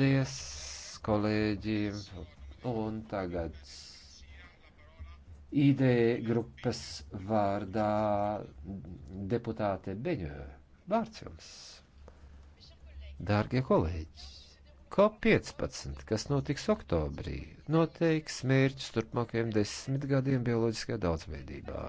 Paldies kolēģiem. Un tagad ID grupas vārdā deputāte Beņo. Vārds jums. Dārgie kolēģi, COP15, kas notiks oktobrī, noteiks mērķus turpmākajiem desmit gadiem bioloģiskajā daudzveidībā.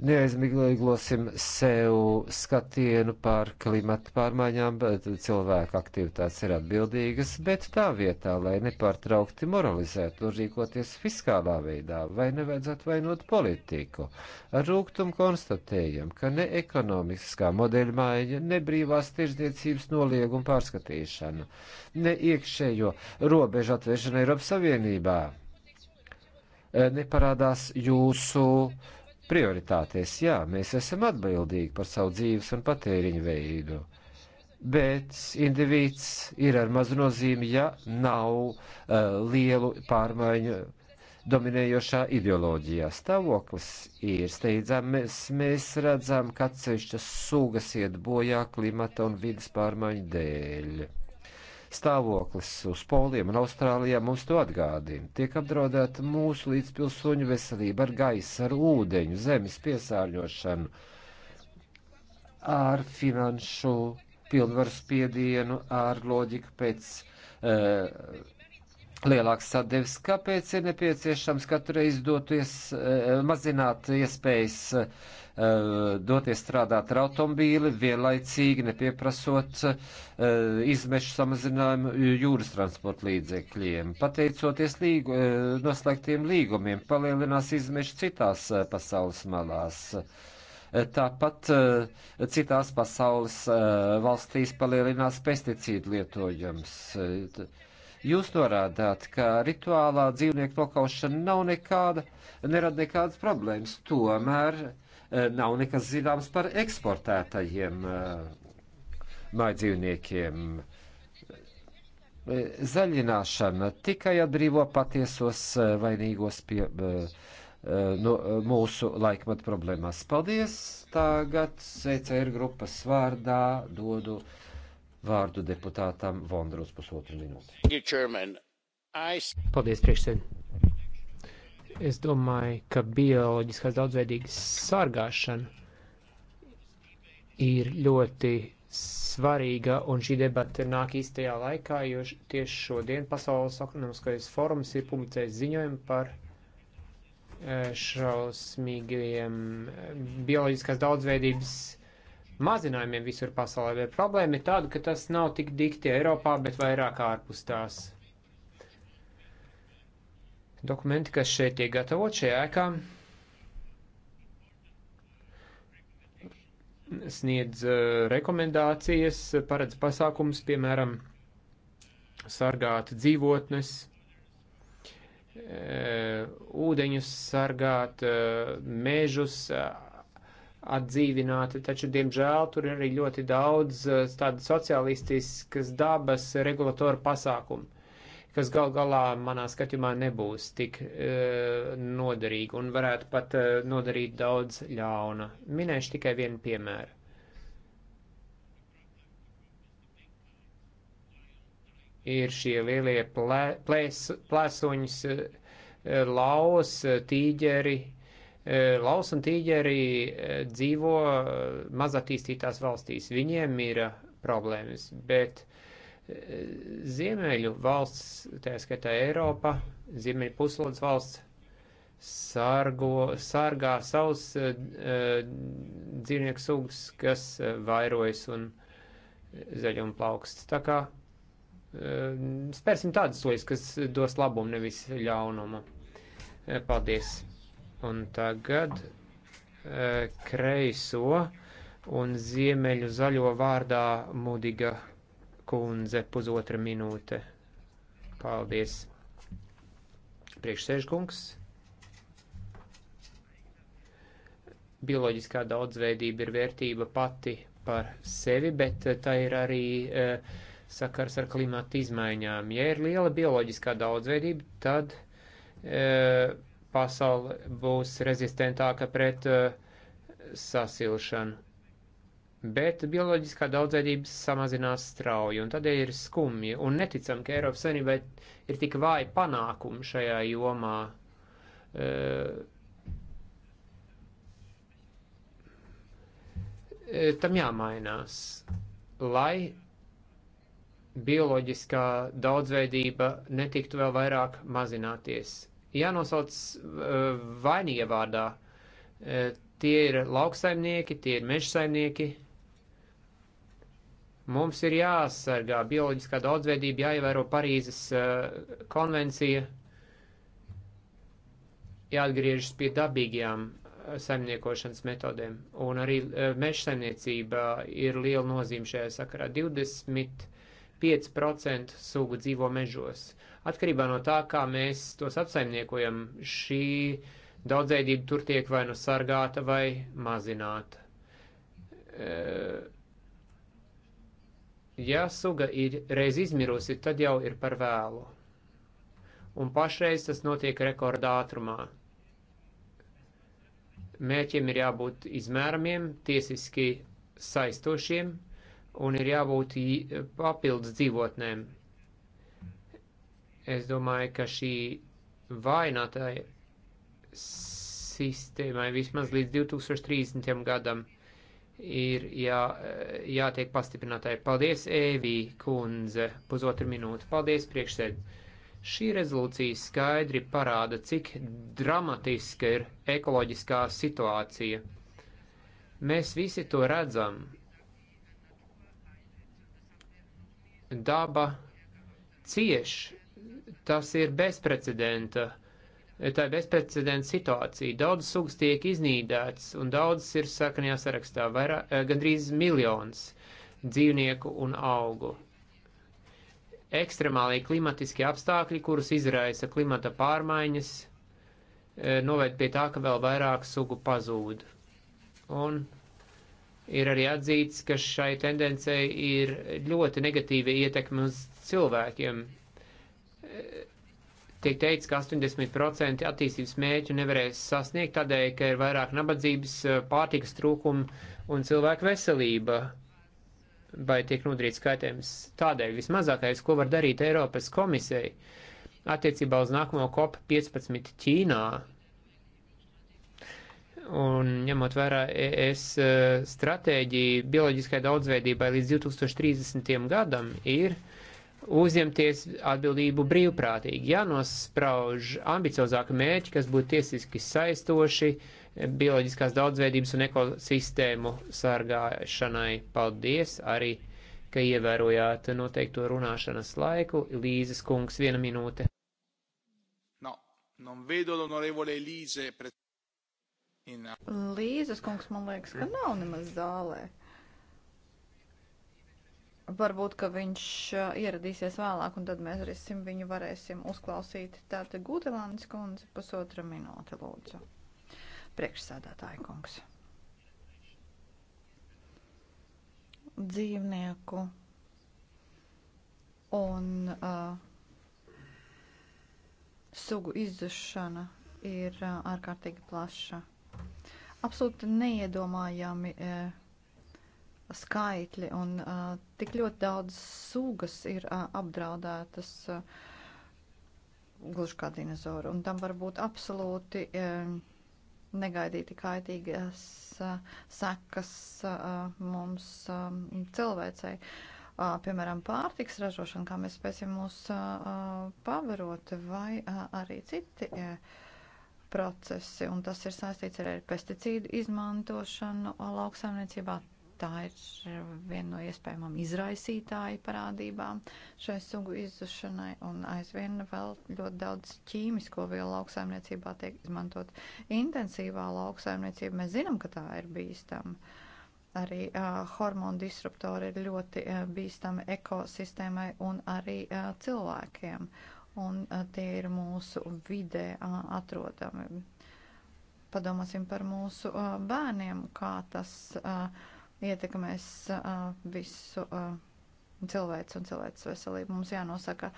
Neaizmiglosim sev skatienu par klimatu pārmaiņām, bet cilvēka aktivitātes ir atbildīgas, bet tā vietā, lai nepārtraukti moralizētu un rīkoties fiskālā veidā, vai nevajadzētu vainot politiku. Ar rūgtumu konstatējam, ka ne ekonomiskā modeļa maiņa, ne brīvās tirzniecības nolieguma pārskatīšana, ne iekšējo robežu atvēršana Eiropas Savienībā neparādās jūsu prioritātēs. Jā, mēs esam atbildīgi par savu dzīves un patēriņu veidu, bet individs ir ar mazu nozīmi, ja nav uh, lielu pārmaiņu dominējošā ideoloģijā. Stāvoklis ir steidzams, mēs redzam, ka atsevišķas sugas iet bojā klimata un vidas pārmaiņu dēļ Stāvoklis uz poliem un Austrālijā mums to atgādina. Tiek apdraudēta mūsu līdzpilsoņu veselība ar gaisu, ar ūdeņu, zemes piesārņošanu, ar finanšu pilnvaru spiedienu, ar loģiku pēc. Uh, eh, lielāks sadevis, kāpēc ir nepieciešams katru reizi doties, eh, mazināt iespējas Eh, doties strādāt ar automobīli, vienlaicīgi nepieprasot eh, izmešu samazinājumu jūras transporta līdzekļiem. Pateicoties līgu, eh, noslēgtiem līgumiem, palielinās izmešu citās pasaules malās. Tāpat citās pasaules valstīs palielinās pesticīdu lietojums. Jūs norādāt, ka rituālā dzīvnieku nokaušana nav nekāda, nerada nekādas problēmas. Tomēr uh, Eh, nav nekas zināms par eksportētajiem eh, mājdzīvniekiem. Eh, zaļināšana tikai atbrīvo patiesos vainīgos pie no mūsu laikmat problēmās. Paldies! Tagad CCR grupas vārdā dodu vārdu deputātam Vondrus pusotru minūti. Paldies, priekšsēdētāji! Es domāju, ka bioloģiskās daudzveidīgas sargāšana ir ļoti svarīga, un šī debata nāk īstajā laikā, jo tieši šodien Pasaules ekonomiskais forums ir publicējis ziņojumu par e, šausmīgiem e, bioloģiskās daudzveidības mazinājumiem visur pasaulē. Bet problēma ir tāda, ka tas nav tik dikti Eiropā, bet vairāk ārpus tās. Dokumenti, kas šeit tiek gatavot šajā ēkā, sniedz uh, rekomendācijas, paredz pasākums, piemēram, sargāt dzīvotnes, uh, ūdeņus sargāt, uh, mežus atdzīvināt, taču, diemžēl, tur ir arī ļoti daudz tāda sociālistiskas dabas regulatora pasākumu kas gal galā manā skatījumā nebūs tik e, eh, noderīga un varētu pat e, nodarīt daudz ļauna. Minēšu tikai vienu piemēru. Ir šie lielie plē, plēs, plēsoņas, e, eh, laus, tīģeri. E, laus un tīģeri e, dzīvo mazattīstītās valstīs. Viņiem ir problēmas, bet uh, Ziemeļu valsts, tā skaitā Eiropa, Ziemeļu puslodes valsts, sargo, sargā savus uh, eh, dzīvnieku sugas, kas uh, vairojas un zaļuma plauksts. Tā kā uh, spērsim tādas soļus, kas dos labumu, nevis ļaunumu. Paldies! Un tagad uh, kreiso un ziemeļu zaļo vārdā mudīga kundze, pusotra minūte. Paldies. Priekšsēžkungs. Bioloģiskā daudzveidība ir vērtība pati par sevi, bet eh, tā ir arī uh, sakars ar klimata izmaiņām. Ja ir liela bioloģiskā daudzveidība, tad uh, pasaule būs rezistentāka pret uh, sasilšanu bet bioloģiskā daudzveidība samazinās strauji, un tādēļ ir skumji un neticam, ka Eiropas Savienībai ir tik vāji panākumi šajā jomā. E, tam jāmainās, lai bioloģiskā daudzveidība netiktu vēl vairāk mazināties. Jānosauc eh, vainīgā vārdā. E, tie ir lauksaimnieki, tie ir mežsaimnieki, Mums ir jāsargā bioloģiskā daudzveidība, jāievēro Parīzes uh, konvencija, jāatgriežas pie dabīgajām eh, saimniekošanas metodēm. Un arī uh, meža saimniecība ir liela nozīme šajā sakarā. 25% sugu dzīvo mežos. Atkarībā no tā, kā mēs tos apsaimniekojam, šī daudzveidība tur tiek vai nu sargāta vai mazināta. Uh, Ja suga ir reiz izmirusi, tad jau ir par vēlu. Un pašreiz tas notiek rekordā ātrumā. Mēķiem ir jābūt izmēramiem, tiesiski saistošiem un ir jābūt papildus dzīvotnēm. Es domāju, ka šī vainātāja sistēmai vismaz līdz 2030. gadam ir jā, jātiek pastiprinātai. Paldies, Evī kundze, pusotru minūti. Paldies, priekšsēd. Šī rezolūcija skaidri parāda, cik dramatiska ir ekoloģiskā situācija. Mēs visi to redzam. Daba cieš, tas ir bezprecedenta tā ir bezprecedenta situācija. Daudzas sugas tiek iznīdētas, un daudzas ir sarkanajā sarakstā, vairā, eh, gandrīz miljons dzīvnieku un augu. Ekstremālie klimatiskie apstākļi, kurus izraisa klimata pārmaiņas, eh, noved pie tā, ka vēl vairāk sugu pazūd. Un ir arī atzīts, ka šai tendencei ir ļoti negatīva ietekme uz cilvēkiem, Tiek teikts, ka 80% attīstības mēķu nevarēs sasniegt tādēļ, ka ir vairāk nabadzības, eh, pārtikas trūkuma un cilvēku veselība vai tiek nodarīts kaitējums. Tādēļ vismazākais, ko var darīt Eiropas komisei attiecībā uz nākamo COP15 Ķīnā, un ņemot vērā ES eh, stratēģiju bioloģiskai daudzveidībai līdz 2030. gadam, ir uh, uzņemties atbildību brīvprātīgi, jānosprauž ambiciozāka mērķi, kas būtu tiesiski saistoši bioloģiskās daudzveidības un ekosistēmu sargāšanai. Paldies arī, ka ievērojāt noteikto runāšanas laiku. Līzes kungs, viena minūte. No, non vedo l'onorevole Līze. Pre... In... Līzes kungs, man liekas, ka nav nemaz zālē. Varbūt, ka viņš ieradīsies vēlāk, un tad mēs arī viņu varēsim uzklausīt. Tātad Gutelānis kundze, pusotra minūte, lūdzu. Priekšsēdētāja kungs. Dzīvnieku un uh, sugu izzušana ir uh, ārkārtīgi plaša. Absolūti neiedomājami. Uh, skaitļi un uh, tik ļoti daudz sugas ir uh, apdraudētas. Uh, Gluži kā dinozauri, un tam var būt absolūti e, uh, negaidīti kaitīgas e, uh, sekas e, uh, mums e, cilvēcei. E, piemēram, pārtiks ražošana, kā mēs spēsim mūs e, pavarot, vai e, arī citi. E, procesi, un tas ir saistīts arī ar pesticīdu izmantošanu lauksaimniecībā tā ir viena no iespējamām izraisītāju parādībām šai sugu izzušanai, un aizvien vēl ļoti daudz ķīmisko vielu lauksaimniecībā tiek izmantot intensīvā lauksaimniecība. Mēs zinām, ka tā ir bīstama. Arī uh, hormonu disruptori ir ļoti uh, bīstami ekosistēmai un arī uh, cilvēkiem, un uh, tie ir mūsu vidē uh, atrodami. Padomāsim par mūsu uh, bērniem, kā tas. Uh, ietekmēs visu cilvēks un cilvēks veselību. Mums jānosaka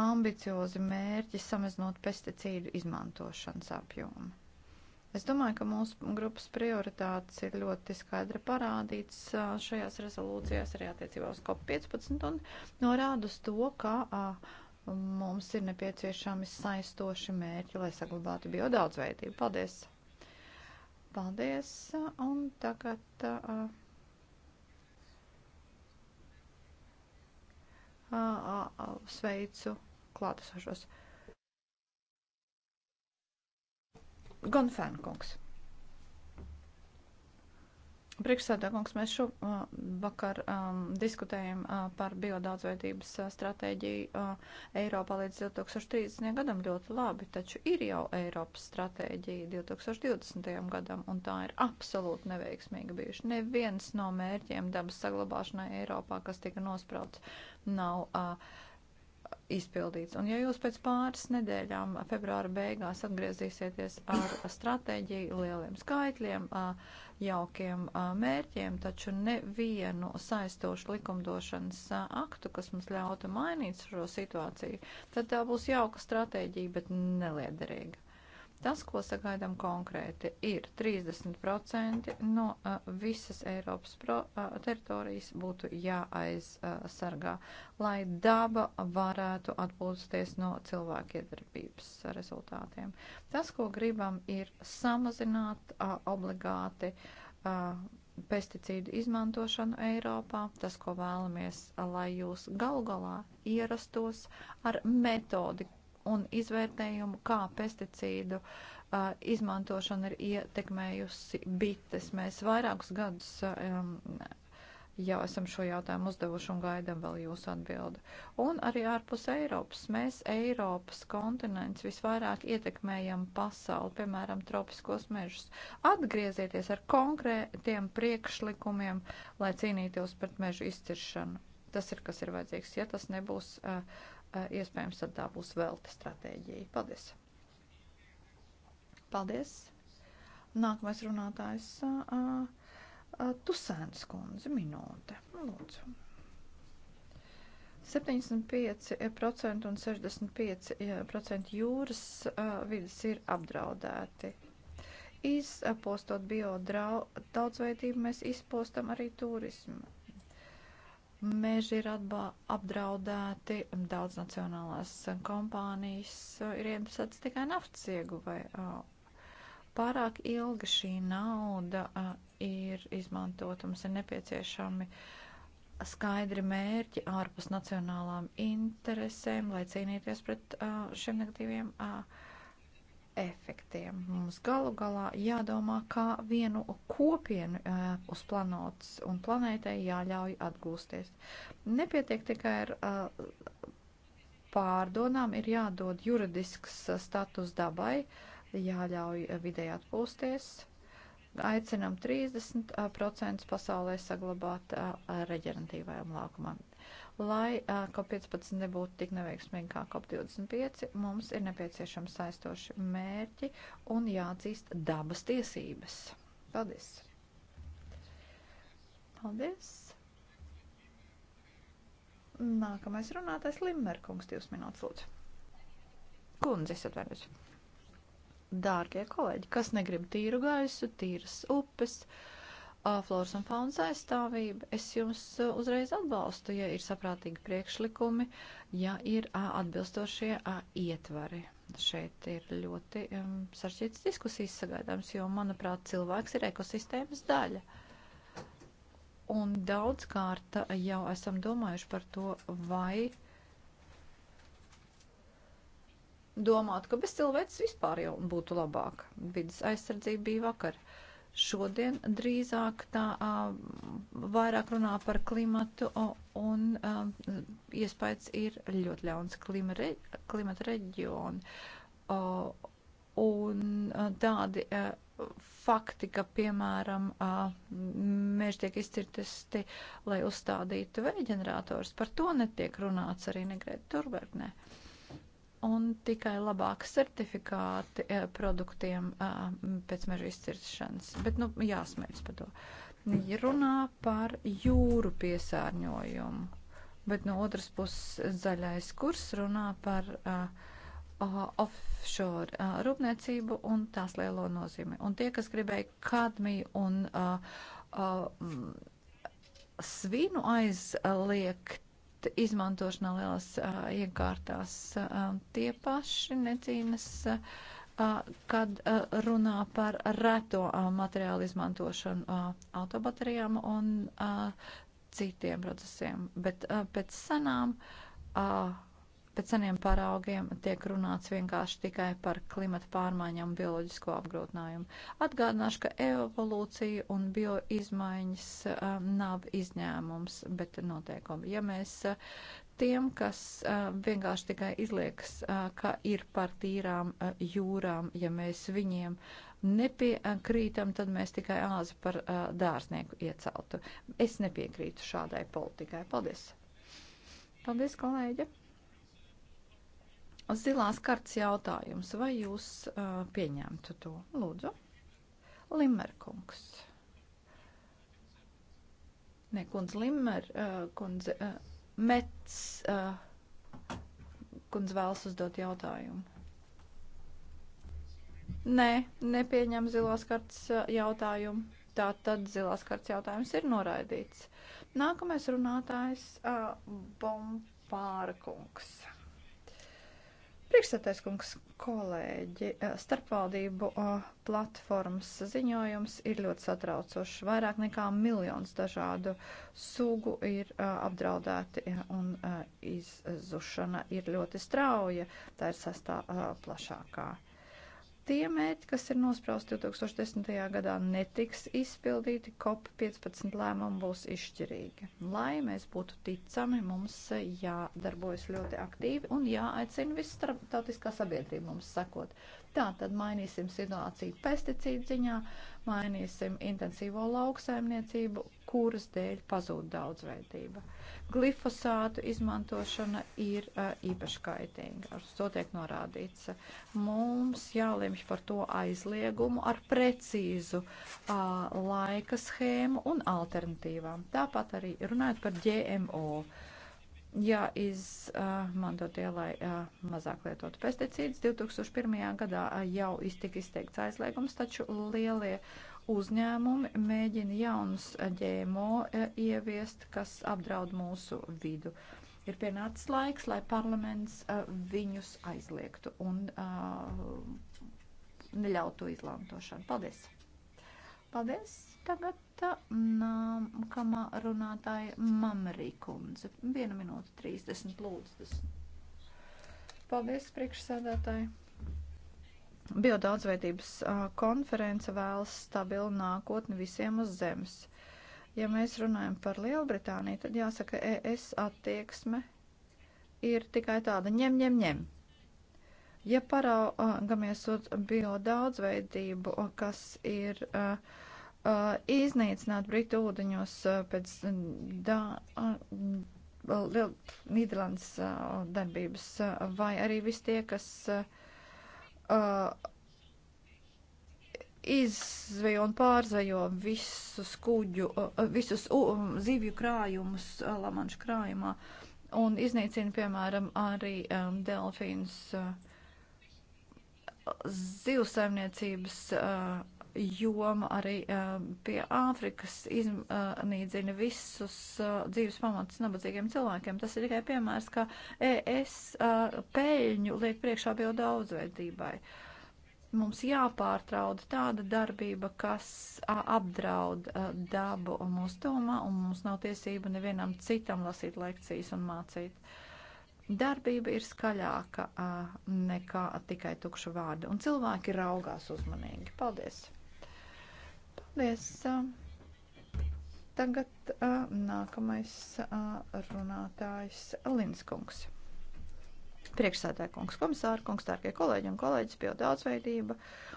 ambiciozi mērķi samazinot pesticīdu izmantošanas apjomu. Es domāju, ka mūsu grupas prioritātes ir ļoti skaidri parādīts šajās rezolūcijās arī attiecībā uz COP15 un norāda uz to, ka mums ir nepieciešami saistoši mērķi, lai saglabātu biodaudzveidību. Paldies! Paldies! Un tagad. Uh, sveicu klātesošos. Gonfēnkungs. Priekšsēdākungs, mēs šovakar um, diskutējam uh, par biodaudzveidības uh, stratēģiju uh, Eiropā līdz 2030. gadam ļoti labi, taču ir jau Eiropas stratēģija 2020. gadam, un tā ir absolūti neveiksmīga bijuši. Neviens no mērķiem dabas saglabāšanai Eiropā, kas tika nosprauts, nav uh, izpildīts. Un ja jūs pēc pāris nedēļām, februāra beigās, atgriezīsieties ar stratēģiju, lieliem skaitļiem, uh, jaukiem uh, mērķiem, taču nevienu saistošu likumdošanas uh, aktu, kas mums ļautu mainīt šo situāciju, tad tā būs jauka stratēģija, bet neliederīga. Tas, ko sagaidām konkrēti, ir 30% no uh, visas Eiropas pro, uh, teritorijas būtu jāaizsargā, lai daba varētu atpūsties no cilvēku iedarbības rezultātiem. Tas, ko gribam, ir samazināt uh, obligāti uh, pesticīdu izmantošanu Eiropā. Tas, ko vēlamies, lai jūs galu galā ierastos ar metodi, un izvērtējumu, kā pesticīdu uh, izmantošana ir ietekmējusi bites. Mēs vairākus gadus um, jau esam šo jautājumu uzdevuši un gaidām vēl jūsu atbildi. Un arī ārpus Eiropas. Mēs Eiropas kontinents visvairāk ietekmējam pasauli, piemēram, tropiskos mežus. Atgriezieties ar konkrētiem priekšlikumiem, lai cīnītos pret mežu izciršanu. Tas ir, kas ir vajadzīgs. Ja tas nebūs. Uh, Eh, iespējams tad tā būs velta stratēģija. Paldies! Paldies! Nākamais runātājs eh, eh, Tusēns kundze minūte. Lūdzu. 75% un 65% jūras vidas ir apdraudēti. Izpostot biodaudzveidību, mēs izpostam arī turismu Meži ir atbā, apdraudēti, daudz nacionālās kompānijas uh, ir iebasētas tikai naftas ieguvai. Uh, pārāk ilga šī nauda uh, ir izmantota, mums ir nepieciešami skaidri mērķi ārpus nacionālām interesēm, lai cīnīties pret šiem negatīviem. Uh, efektiem. Mums galu galā jādomā, kā vienu kopienu uh, uz planētas un planētai jāļauj atgūsties. Nepietiek tikai ar uh, pārdonām, ir jādod juridisks status dabai, jāļauj vidē atpūsties. Aicinam 30% pasaulē saglabāt uh, reģeneratīvajam laukumam. Lai COP15 nebūtu tik neveiksmīgi kā COP25, mums ir nepieciešams saistoši mērķi un jāatzīst dabas tiesības. Paldies! Paldies! Nākamais runātais Limmerkungs, divas minūtes lūdzu. Kundze, es atvainojos. Dārgie kolēģi, kas negrib tīru gaisu, tīras upes, uh, floras un faunas aizstāvība. Es jums e, uzreiz atbalstu, ja ir saprātīgi priekšlikumi, ja ir atbilstošie ietvari. Šeit ir ļoti um, saržģītas diskusijas sagaidāms, jo, manuprāt, cilvēks ir ekosistēmas daļa. Un daudzkārt jau esam domājuši par to, vai domāt, ka bez cilvēces vispār jau būtu labāk. Vides aizsardzība bija vakar. Šodien drīzāk tā vairāk runā par klimatu un iespējas ir ļoti ļauns klima, klimata reģioni. Un tādi fakti, ka, piemēram, meži tiek izcirtesti, lai uzstādītu vēģenerators, par to netiek runāts arī negrēt turbergnē. Ne un tikai labāk certifikāti eh, produktiem eh, pēc meža izciršanas. Bet, nu, jāsmēķis par to. Runā par jūru piesārņojumu, bet no otras puses zaļais kurs runā par uh, uh, offshore uh, rūpniecību un tās lielo nozīmi. Un tie, kas gribēja kadmiju un uh, uh, svinu aizliegt, izmantošanā lielās uh, iekārtās uh, tie paši necīnas. Uh, kad runā par reto materiālu izmantošanu autobaterijām un citiem procesiem. Bet pēc senām Pēc seniem paraugiem tiek runāts vienkārši tikai par klimata pārmaiņām un bioloģisko apgrūtinājumu. Atgādināšu, ka evolūcija un bioizmaiņas um, nav izņēmums, bet noteikumi. Ja mēs uh, tiem, kas uh, vienkārši tikai izliekas, uh, ka ir par tīrām uh, jūrām, ja mēs viņiem nepiekrītam, tad mēs tikai āzi par uh, dārznieku ieceltu. Es nepiekrītu šādai politikai. Paldies! Paldies, kolēģi! Zilās karts jautājums, vai jūs uh, pieņemtu to? Lūdzu, Limerkungs. Nē, kundze Limer, uh, kundze uh, Mets, uh, kundze vēlas uzdot jautājumu. Nē, nepieņem zilās karts uh, jautājumu. Tā tad zilās karts jautājums ir noraidīts. Nākamais runātājs uh, Bompārkungs. Priekšsētais kungs, kolēģi, eh, starpvaldību eh, platformas ziņojums ir ļoti satraucošs. Vairāk nekā miljons dažādu sugu ir eh, apdraudēti un izzušana ir ļoti strauja. Tā ir sastā plašākā Tie mērķi, kas ir nosprausti 2010. gadā, netiks izpildīti, COP15 lēmumi būs izšķirīgi. Lai mēs būtu ticami, mums jādarbojas ļoti aktīvi un jāaicina viss starptautiskā sabiedrība mums sakot. Tā tad mainīsim situāciju pesticīdu ziņā, mainīsim intensīvo lauksaimniecību, kuras dēļ pazūd daudzveidība. Glifosātu izmantošana ir uh, īpaši kaitīga, ar to tiek norādīts. Mums jālemj par to aizliegumu ar precīzu uh, laika schēmu un alternatīvām. Tāpat arī runājot par GMO. Uh, jāizmanto uh, tie, lai uh, mazāk lietotu pesticīdus. 2001. gadā uh, jau iztika izteikts aizliegums, taču lielie uzņēmumi mēģina jaunus ģēmo ieviest, kas apdraud mūsu vidu. Ir pienācis laiks, lai parlaments viņus aizliegtu un neļautu izlantošanu. Paldies! Paldies! Tagad nākamā mm, um, runātāja Mamerī kundze. Viena minūte 30 lūdzes. Paldies, priekšsēdētāji. Biodaudzveidības konference vēlas stabilu nākotni visiem uz zemes. Ja mēs runājam par Lielbritāniju, tad jāsaka, ES attieksme ir tikai tāda ņem, ņem, ņem. Ja paraugamies uz biodaudzveidību, kas ir uh, uh, iznīcināt Britu ūdeņos uh, pēc uh, da, uh, uh Nīderlandes uh, darbības, uh, vai arī visi tie, kas uh, uh izzvejo un pārzvejo visus kuģu, uh, visus uh, zivju krājumus uh, Lamanšu krājumā un iznīcina, piemēram, arī um, delfīnus uh, zivsaimniecības. Uh, joma arī eh, pie Āfrikas iznīcina eh, visus eh, dzīves pamatus nabadzīgiem cilvēkiem. Tas ir tikai piemērs, ka ES peļņu liek priekšā bio daudzveidībai mums jāpārtrauda tāda darbība, kas a, apdraud a, dabu un mūsu domā, un mums nav tiesība nevienam citam lasīt lekcijas un mācīt. Darbība ir skaļāka a, nekā tikai tukšu vārdu, un cilvēki raugās uzmanīgi. Paldies! Paldies! Tagad nākamais runātājs Linskungs. Priekšsēdētāja kungs, komisāra kungs, tārkie kolēģi un kolēģis, biodaudzveidība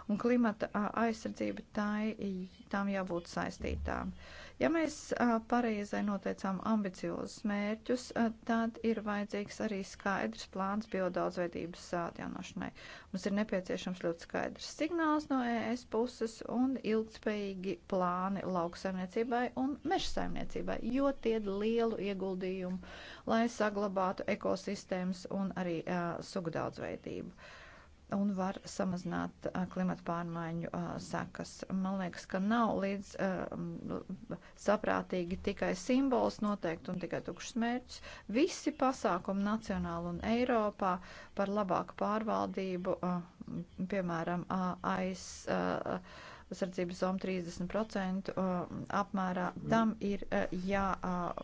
un klimata aizsardzība, tā, tām jābūt saistītām. Ja mēs pareizai noteicām ambiciozus mērķus, tad ir vajadzīgs arī skaidrs plāns biodaudzveidības atjaunošanai. Mums ir nepieciešams ļoti skaidrs signāls no ES puses un ilgspējīgi plāni lauksaimniecībai un mežsaimniecībai, jo tie ir lielu ieguldījumu, lai saglabātu ekosistēmas un arī uh, sugu daudzveidību. Uh, un var samazināt klimata pārmaiņu sekas. Man liekas, ka nav līdz saprātīgi tikai simbols noteikti un tikai tukšs mērķis. Visi pasākumi nacionāli un Eiropā par labāku pārvaldību, piemēram, aiz sardzības zonu 30% apmērā, tam ir jā. Ja,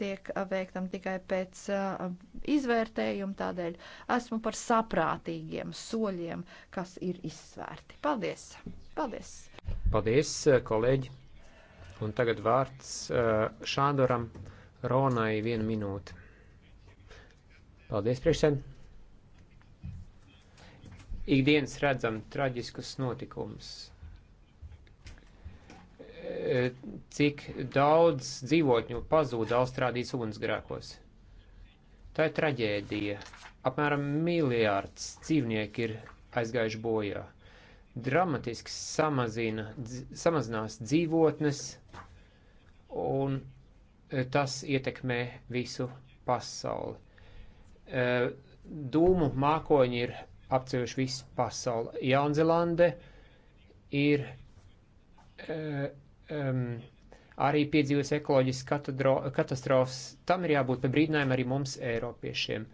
tiek uh, veiktam tikai pēc uh, izvērtējuma, tādēļ esmu par saprātīgiem soļiem, kas ir izsvērti. Paldies! Paldies! Paldies, uh, kolēģi! Un tagad vārds uh, Šādoram Ronai vienu minūti. Paldies, priekšsēd! Ikdienas redzam traģiskus notikumus cik daudz dzīvotņu pazūda Austrālijas ugunsgrēkos. Tā ir traģēdija. Apmēram miljārds dzīvnieki ir aizgājuši bojā. Dramatiski samazina, dz, samazinās dzīvotnes, un e, tas ietekmē visu pasauli. E, dūmu mākoņi ir apcevuši visu pasauli. Jaunzelande ir um, arī piedzīvis ekoloģiskas katastrofas. Tam ir jābūt par brīdinājumu arī mums, Eiropiešiem.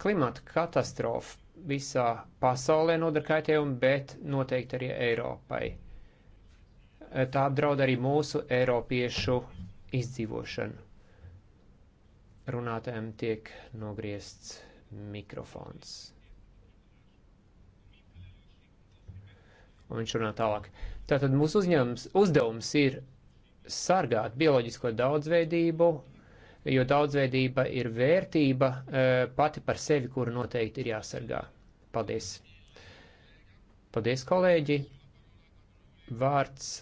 Klimata katastrofa visā pasaulē nodara kaitējumu, bet noteikti arī Eiropai. Tā apdraud arī mūsu Eiropiešu izdzīvošanu. Runātājiem tiek nogriezts mikrofons. Un viņš runā tālāk. Uh, Tātad mūsu uzņēmums, uzdevums ir sargāt bioloģisko daudzveidību, jo daudzveidība ir vērtība e, pati par sevi, kuru noteikti ir jāsargā. Paldies! Paldies, kolēģi! Vārds e,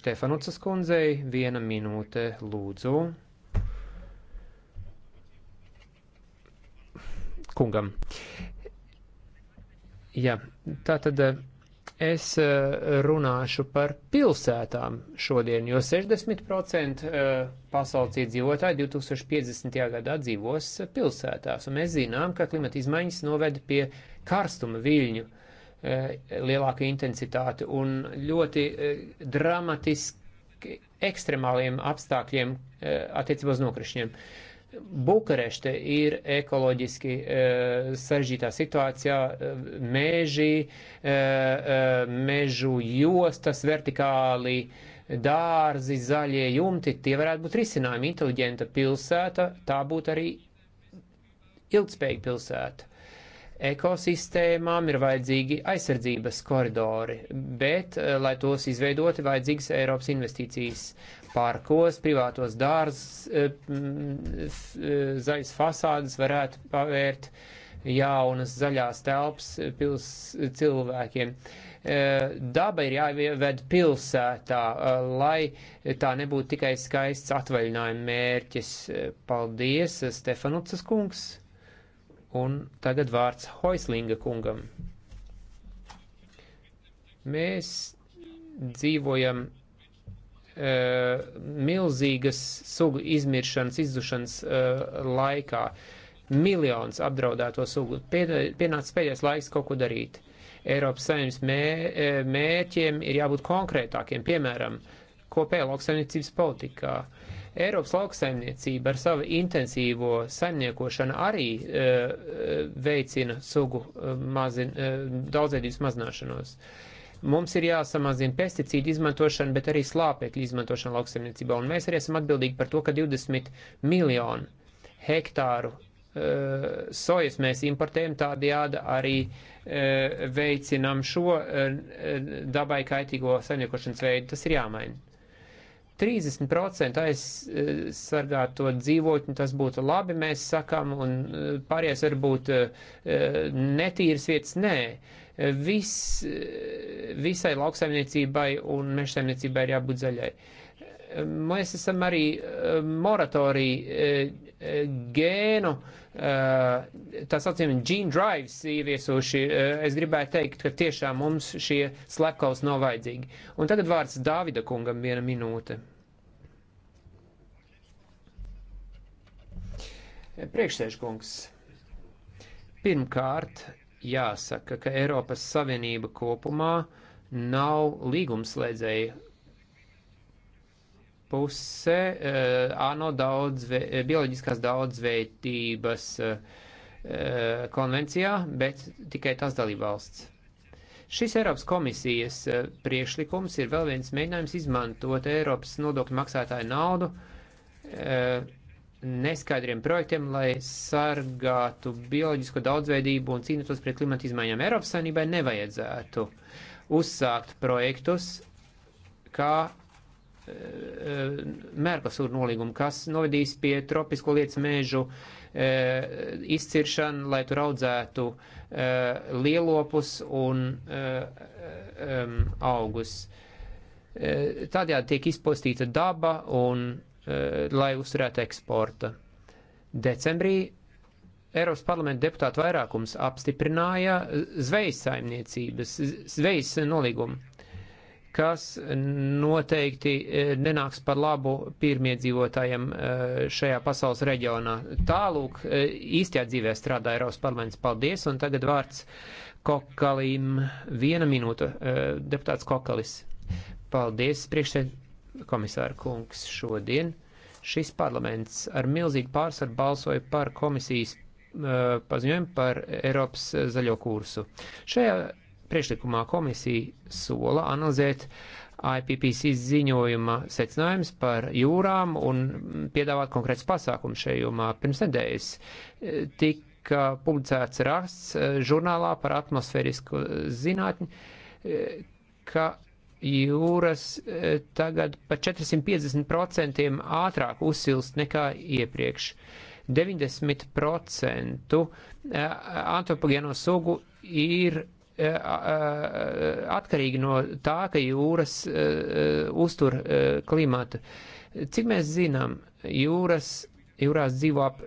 Štefanucas kundzei viena minūte lūdzu. Kungam. Jā, tā tad. Uh, e, Es eh, runāšu par pilsētām šodien, jo 60% eh, pasaules iedzīvotāji 2050. gadā dzīvos eh, pilsētās, un mēs zinām, ka klimata izmaiņas noved pie karstuma viļņu lielāka intensitāte un ļoti dramatiski ekstremāliem apstākļiem attiecībā uz nokrišņiem. Uh, Bukarešte ir ekoloģiski e, sarežģītā situācijā, e, meži, e, e, mežu jostas vertikāli, dārzi, zaļie jumti, tie varētu būt risinājumi. Inteliģenta pilsēta, tā būtu arī ilgspējīga pilsēta. Ekosistēmām ir vajadzīgi aizsardzības koridori, bet, e, lai tos izveidoti, vajadzīgas Eiropas investīcijas. Uh, parkos, privātos dārzus, e, e, zaļas fasādes varētu pavērt jaunas zaļās telpas pils, cilvēkiem. E, daba ir jāieved pilsētā, lai tā nebūtu tikai skaists atvaļinājuma mērķis. Paldies, Stefanucas kungs! Un tagad vārds Hoislinga kungam. Mēs dzīvojam E, milzīgas sugu izmiršanas, izzušanas e, laikā. Miljons apdraudēto sugu. Pienācis pēdējais laiks kaut ko darīt. Eiropas saimnes e, mērķiem ir jābūt konkrētākiem, piemēram, kopējā lauksaimniecības politikā. Eiropas lauksaimniecība ar savu intensīvo saimniekošanu arī e, veicina sugu mazin, e, daudzveidības mazināšanos. E, Mums ir jāsamazina pesticīdu izmantošana, bet arī slāpekļu izmantošana lauksaimniecībā, un mēs arī esam atbildīgi par to, ka 20 miljonu hektāru eh, sojas mēs importējam, tādējādi arī e, veicinām šo e, dabai kaitīgo saimniekošanas veidu. Tas ir jāmaina. 30% aizsargāto dzīvotņu, tas būtu labi, mēs sakām, un pārējais varbūt e, netīras vietas. Nē, viss visai lauksaimniecībai un mežsaimniecībai ir jābūt zaļai. Mēs esam arī eh, moratoriju eh, gēnu, eh, tā saucamie gene drives ieviesuši. Es gribēju teikt, ka tiešām mums šie slepkavas nav vajadzīgi. Un tagad vārds Dāvida kungam viena minūte. Priekšsēžkungs. Pirmkārt, jāsaka, ka Eiropas Savienība kopumā nav līgumslēdzēja puse, eh, ANO daudz, bioloģiskās daudzveidības eh, konvencijā, bet tikai tas dalībvalsts. Šis Eiropas komisijas eh, priekšlikums ir vēl viens mēģinājums izmantot Eiropas nodokļu maksātāju naudu neskaidriem projektiem, lai sargātu bioloģisko daudzveidību un cīnītos pret klimata izmaiņām. Eiropas saimnībai nevajadzētu uzsākt projektus, kā e, eh, Mērklasūra nolīguma, kas novedīs pie tropisko lietas mēžu e, eh, izciršanu, lai tur audzētu e, lielopus un e, e, augus. E, tādējādi tiek izpostīta daba un Eh, lai uzturētu eksporta. Decembrī Eiropas parlamenta deputātu vairākums apstiprināja zvejas saimniecības, zvejas nolīgumu, kas noteikti eh, nenāks par labu pirmiedzīvotājiem eh, šajā pasaules reģionā. Tālūk īstajā dzīvē strādā Eiropas parlaments. Paldies, un tagad vārds Kokalim. Viena minūte, deputāts Kokalis. Paldies, priekšsēdētāji komisāra kungs, šodien šis parlaments ar milzīgu pārsvaru balsoja par komisijas uh, paziņojumu par Eiropas zaļo kursu. Šajā priekšlikumā komisija sola analizēt IPPC ziņojuma secinājumus par jūrām un piedāvāt konkrēts pasākums šajā jomā. Pirms nedēļas uh, tika publicēts raksts uh, žurnālā par atmosfērisku zinātni, uh, ka jūras eh, tagad pa 450% ātrāk uzsilst nekā iepriekš. 90% eh, antropogēno sugu ir eh, atkarīgi no tā, ka jūras uztur klimatu. Cik mēs zinām, jūras, jūrās dzīvo ap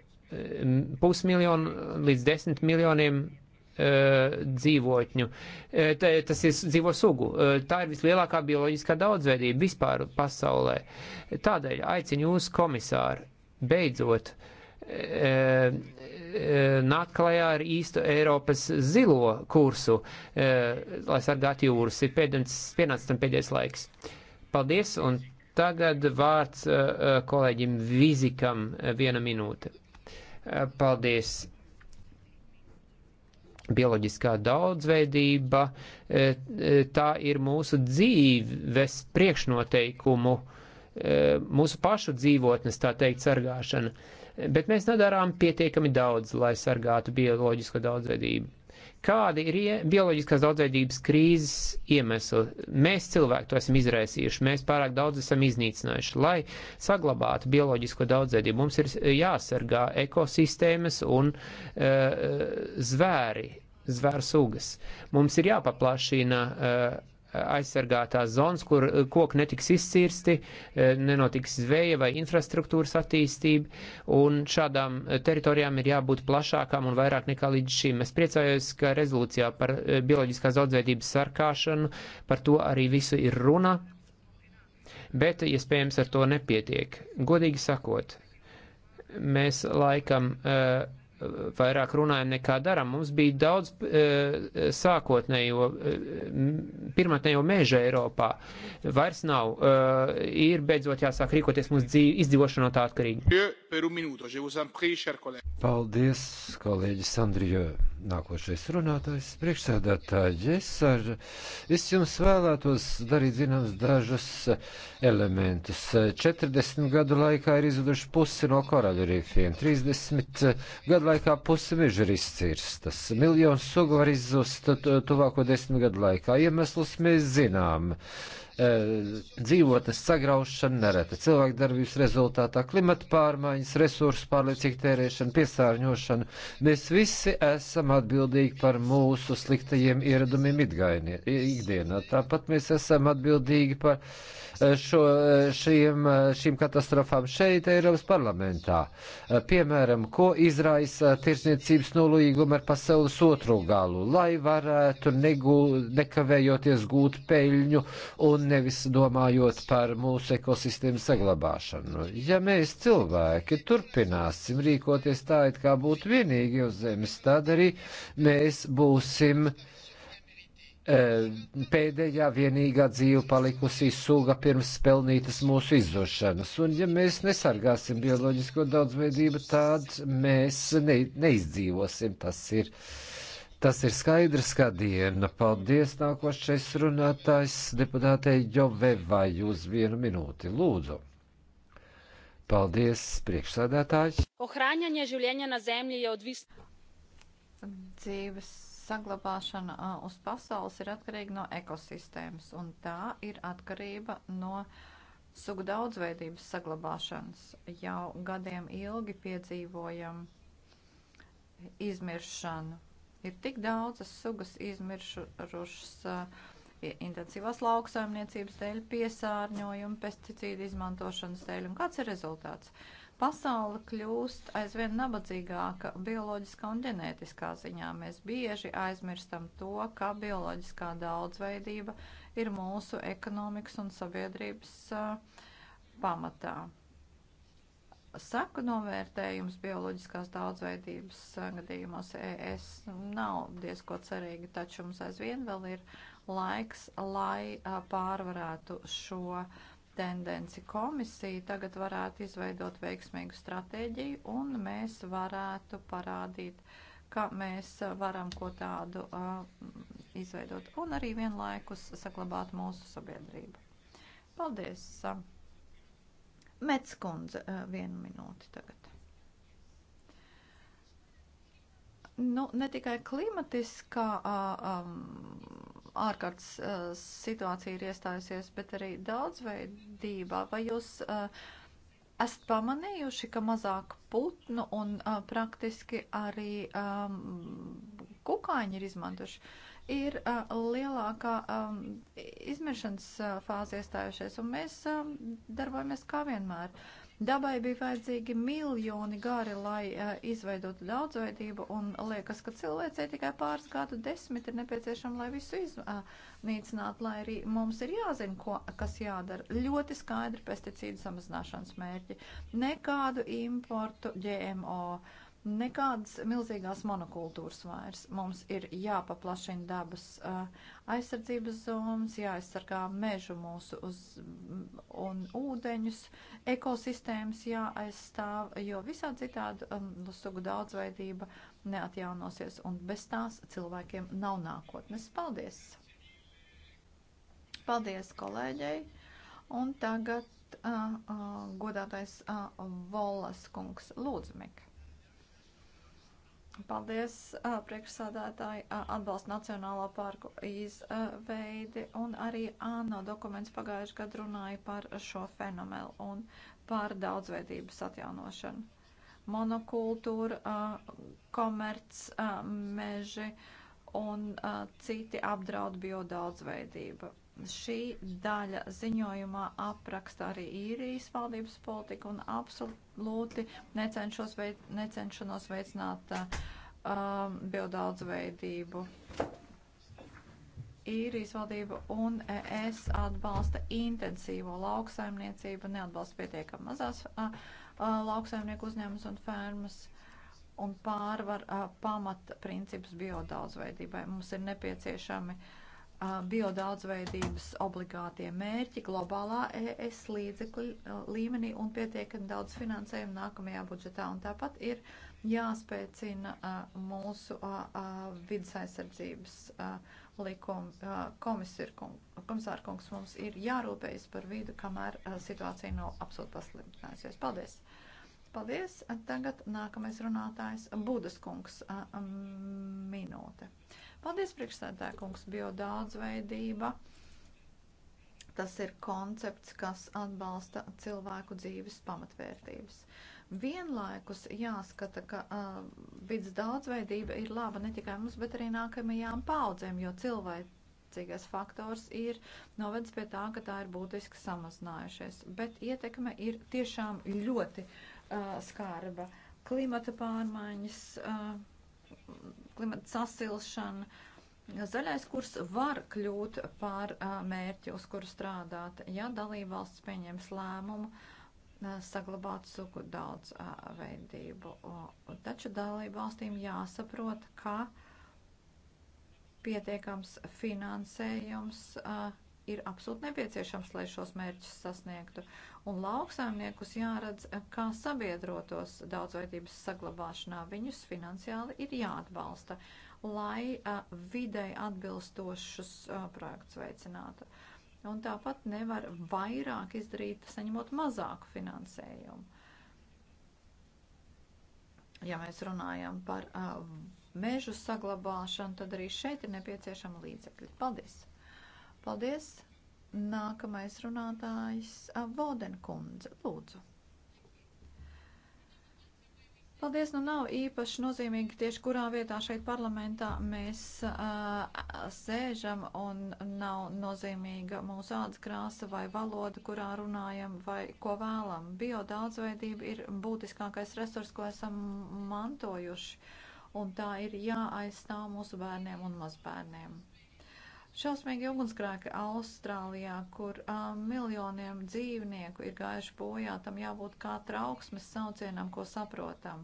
pusmiljonu līdz desmit miljoniem E, dzīvotņu. E, tā, tas ir dzīvo sugu. E, tā ir vislielākā bioloģiskā daudzveidība vispār pasaulē. Tādēļ aicinu jūs, komisāri, beidzot nākt klajā ar īstu Eiropas zilo kursu, lai sargātu jūras. Ir pienācis tam pēdējais laiks. Paldies, un tagad vārds kolēģim Vizikam viena minūte. Paldies bioloģiskā daudzveidība, e, e, tā ir mūsu dzīves priekšnoteikumu, e, mūsu pašu dzīvotnes, tā teikt, sargāšana. Bet mēs nedarām pietiekami daudz, lai sargātu bioloģisko daudzveidību. Kādi ir bioloģiskās daudzveidības krīzes iemesli? Mēs cilvēki to esam izraisījuši, mēs pārāk daudz esam iznīcinājuši. Lai saglabātu bioloģisko daudzveidību, mums ir jāsargā ekosistēmas un uh, zvēri, zvēru sugas. Mums ir jāpaplašina uh, aizsargātās zonas, kur eh, koki netiks izcirsti, eh, nenotiks zveja vai infrastruktūras attīstība, un šādām eh, teritorijām ir jābūt plašākām un vairāk nekā līdz šim. Es priecājos, ka rezolūcijā par bioloģiskās daudzveidības sarkāšanu par to arī visu ir runa, bet iespējams ja ar to nepietiek. Godīgi sakot, mēs laikam. Uh, vairāk runājam nekā daram. Mums bija daudz e, sākotnējo, e, pirmotnējo meža Eiropā. Vairs nav. E, ir beidzot jāsāk rīkoties mums dzīvi, izdzīvošana no tā atkarīgi. Paldies, kolēģis Andrija. Nākošais runātājs, priekšsēdētāji, es, ar, es jums vēlētos darīt zināms dažus elementus. 40 gadu laikā ir izduši pusi no koraļu rīfiem, 30 gadu laikā pusi meža ir izcirstas, miljons sugu var izzust tuvāko desmit gadu laikā. Iemeslus mēs zinām. Uh, Eh, dzīvotnes sagraušana, nereta cilvēkdarbības rezultātā, klimata pārmaiņas, resursu pārliecīga tērēšana, piesārņošana. Mēs visi esam atbildīgi par mūsu sliktajiem ieradumiem itgainie, ikdienā. Tāpat mēs esam atbildīgi par eh, šo, eh, šiem, šīm katastrofām šeit, Eiropas parlamentā. Piemēram, ko izraisa tirsniecības nolīguma ar pasaules otro galu, lai varētu negū, nekavējoties gūt peļņu un nevis domājot par mūsu ekosistēmu saglabāšanu. Ja mēs cilvēki turpināsim rīkoties tā, it kā būtu vienīgi uz zemes, tad arī mēs būsim e, pēdējā vienīgā dzīve palikusī suga pirms pelnītas mūsu izdošanas. Un ja mēs nesargāsim bioloģisko daudzveidību, tad mēs ne, neizdzīvosim. Tas ir Tas ir skaidrs, kā diena. Paldies, nākošais runātājs, deputātei Jovevai, uz vienu minūti, lūdzu. Paldies, priekšsādātājs. Ohraņaņa žuļieņa na zemļi jau dvis. Dzīves saglabāšana uz pasaules ir atkarīga no ekosistēmas, un tā ir atkarība no sugu daudzveidības saglabāšanas. Jau gadiem ilgi piedzīvojam izmiršanu Ir tik daudzas sugas izmiršušas uh, intensīvās lauksaimniecības dēļ, piesārņojuma, pesticīdu izmantošanas dēļ. Un kāds ir rezultāts? Pasaule kļūst aizvien nabadzīgāka bioloģiskā un ģenētiskā ziņā. Mēs bieži aizmirstam to, ka bioloģiskā daudzveidība ir mūsu ekonomikas un sabiedrības uh, pamatā seku novērtējums bioloģiskās daudzveidības gadījumos ES nav diezko cerīgi, taču mums aizvien vēl ir laiks, lai pārvarētu šo tendenci. Komisija tagad varētu izveidot veiksmīgu stratēģiju un mēs varētu parādīt, ka mēs varam ko tādu uh, izveidot un arī vienlaikus saglabāt mūsu sabiedrību. Paldies! Uh, Metskundze, eh, vienu minūti tagad. Nu, ne tikai klimatiskā um, ārkārtas uh, situācija ir iestājusies, bet arī daudzveidībā. Vai jūs uh, esat pamanījuši, ka mazāk putnu un uh, praktiski arī um, kukaiņi ir izmantojuši? Uh, ir uh, lielākā um, izmešanas uh, fāze iestājušies, un mēs um, darbojamies kā vienmēr. Dabai bija vajadzīgi miljoni gari, lai uh, izveidotu daudzveidību, un liekas, ka cilvēcei tikai pāris gadu desmit ir nepieciešama, lai visu iznīcinātu, lai arī mums ir jāzina, ko, kas jādara. Ļoti skaidri pesticīdu samazināšanas mērķi, nekādu importu GMO. Uh, Nekādas milzīgās monokultūras vairs. Mums ir jāpaplašina dabas uh, aizsardzības zonas, jāaizsargā mežu mūsu uz, un ūdeņus, ekosistēmas jāaizstāv, jo visā citādi um, sugu daudzveidība neatjaunosies, un bez tās cilvēkiem nav nākotnes. Paldies! Paldies kolēģei! Un tagad uh, uh, godātais uh, Volas kungs Lūdzmika. Paldies, priekšsādātāji, atbalsta Nacionālā parku izveidi un arī ANO dokuments pagājuši gadu runāja par šo fenomenu un par daudzveidības atjaunošanu. Monokultūra, komerc, meži un citi apdraud biodaudzveidību. Šī daļa ziņojumā apraksta arī īrijas valdības politiku un absolūti necenšos veid, necenšanos veicināt um, biodaudzveidību. Īrijas valdība un ES atbalsta intensīvo lauksaimniecību, neatbalsta pietiekam mazās uh, lauksaimnieku uzņēmums un fermas. Uh, un pārvar uh, pamatprincipus biodaudzveidībai. Mums ir nepieciešami uh, biodaudzveidības obligātie mērķi globālā ES līdzekļu līmenī un pietiekami daudz finansējumu nākamajā budžetā. Un tāpat ir jāspēcina mūsu vidas aizsardzības likuma komisāra kungs. Mums ir jārūpējas par vidu, kamēr situācija nav absolūti pasliktinājusies. Paldies! Paldies! Tagad nākamais runātājs Budas kungs minūte. Paldies, priekšsēdētāj, kungs, biodaudzveidība. Tas ir koncepts, kas atbalsta cilvēku dzīves pamatvērtības. Vienlaikus jāskata, ka uh, vidas daudzveidība ir laba ne tikai mums, bet arī nākamajām paudzēm, jo cilvēcīgais faktors ir novedis pie tā, ka tā ir būtiski samazinājušies. Bet ietekme ir tiešām ļoti uh, skarba. Klimata pārmaiņas. Uh, klimata sasilšana. Zaļais kurs var kļūt par mērķi, uz kuru strādāt, ja dalībvalsts pieņems lēmumu saglabāt sugu daudzveidību. Taču dalībvalstīm jāsaprot, ka pietiekams finansējums ir absolūti nepieciešams, lai šos mērķus sasniegtu. Uh, Un lauksaimniekus jāredz kā sabiedrotos daudzveidības saglabāšanā. Viņus finansiāli ir jāatbalsta, lai videi atbilstošus projekts veicinātu. Un tāpat nevar vairāk izdarīt, saņemot mazāku finansējumu. Ja mēs runājam par uh, mežu saglabāšanu, tad arī šeit ir nepieciešama līdzekļi. Paldies! Paldies! Nākamais runātājs - Vodenkundze. Lūdzu. Paldies, nu nav īpaši nozīmīgi tieši kurā vietā šeit parlamentā mēs uh, sēžam un nav nozīmīga mūsu ādas krāsa vai valoda, kurā runājam vai ko vēlam. Bio daudzveidība ir būtiskākais resurs, ko esam mantojuši, un tā ir jāaizstāv mūsu bērniem un mazbērniem. Šausmīgi ugunsgrēki Austrālijā, kur uh, miljoniem dzīvnieku ir gājuši bojā, tam jābūt kā trauksmes saucienam, ko saprotam.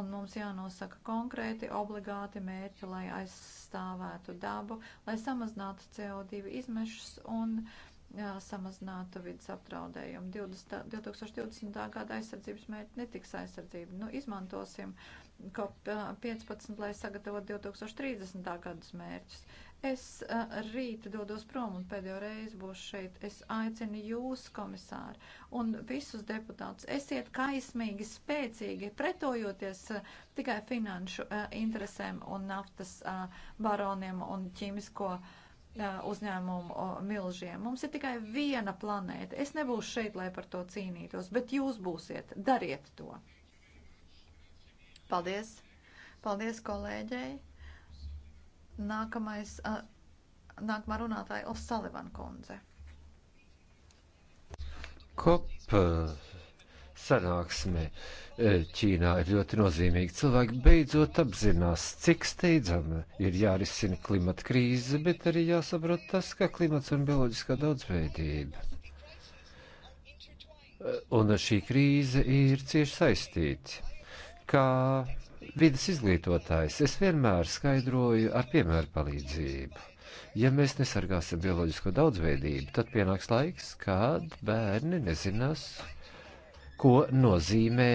Un mums jānosaka konkrēti, obligāti mērķi, lai aizstāvētu dabu, lai samazinātu CO2 izmešus un jā, samazinātu vidas apdraudējumu. 20, 2020. gada aizsardzības mērķi netiks aizsardzība. Nu, izmantosim COP15, lai sagatavotu 2030. gadus mērķus. Es uh, rīt dodos prom un pēdējo reizi būšu šeit. Es aicinu jūs, komisāri, un visus deputātus. Esiet kaismīgi, spēcīgi, pretojoties uh, tikai finanšu uh, interesēm un naftas uh, baroniem un ķīmisko uh, uzņēmumu uh, milžiem. Mums ir tikai viena planēta. Es nebūšu šeit, lai par to cīnītos, bet jūs būsiet. Dariet to. Paldies. Paldies kolēģei. Nākamais, nākamā runātāja O'Sullivan kundze. Kop sanāksme e, Ķīnā ir ļoti nozīmīga. Cilvēki beidzot apzinās, cik steidzami ir jārisina klimata krīze, bet arī jāsaprot tas, ka klimats un bioloģiskā daudzveidība. E, un šī krīze ir cieši saistīta. Kā vidas izglītotājs, es vienmēr skaidroju ar piemēru palīdzību. Ja mēs nesargāsim bioloģisko daudzveidību, tad pienāks laiks, kad bērni nezinās, ko nozīmē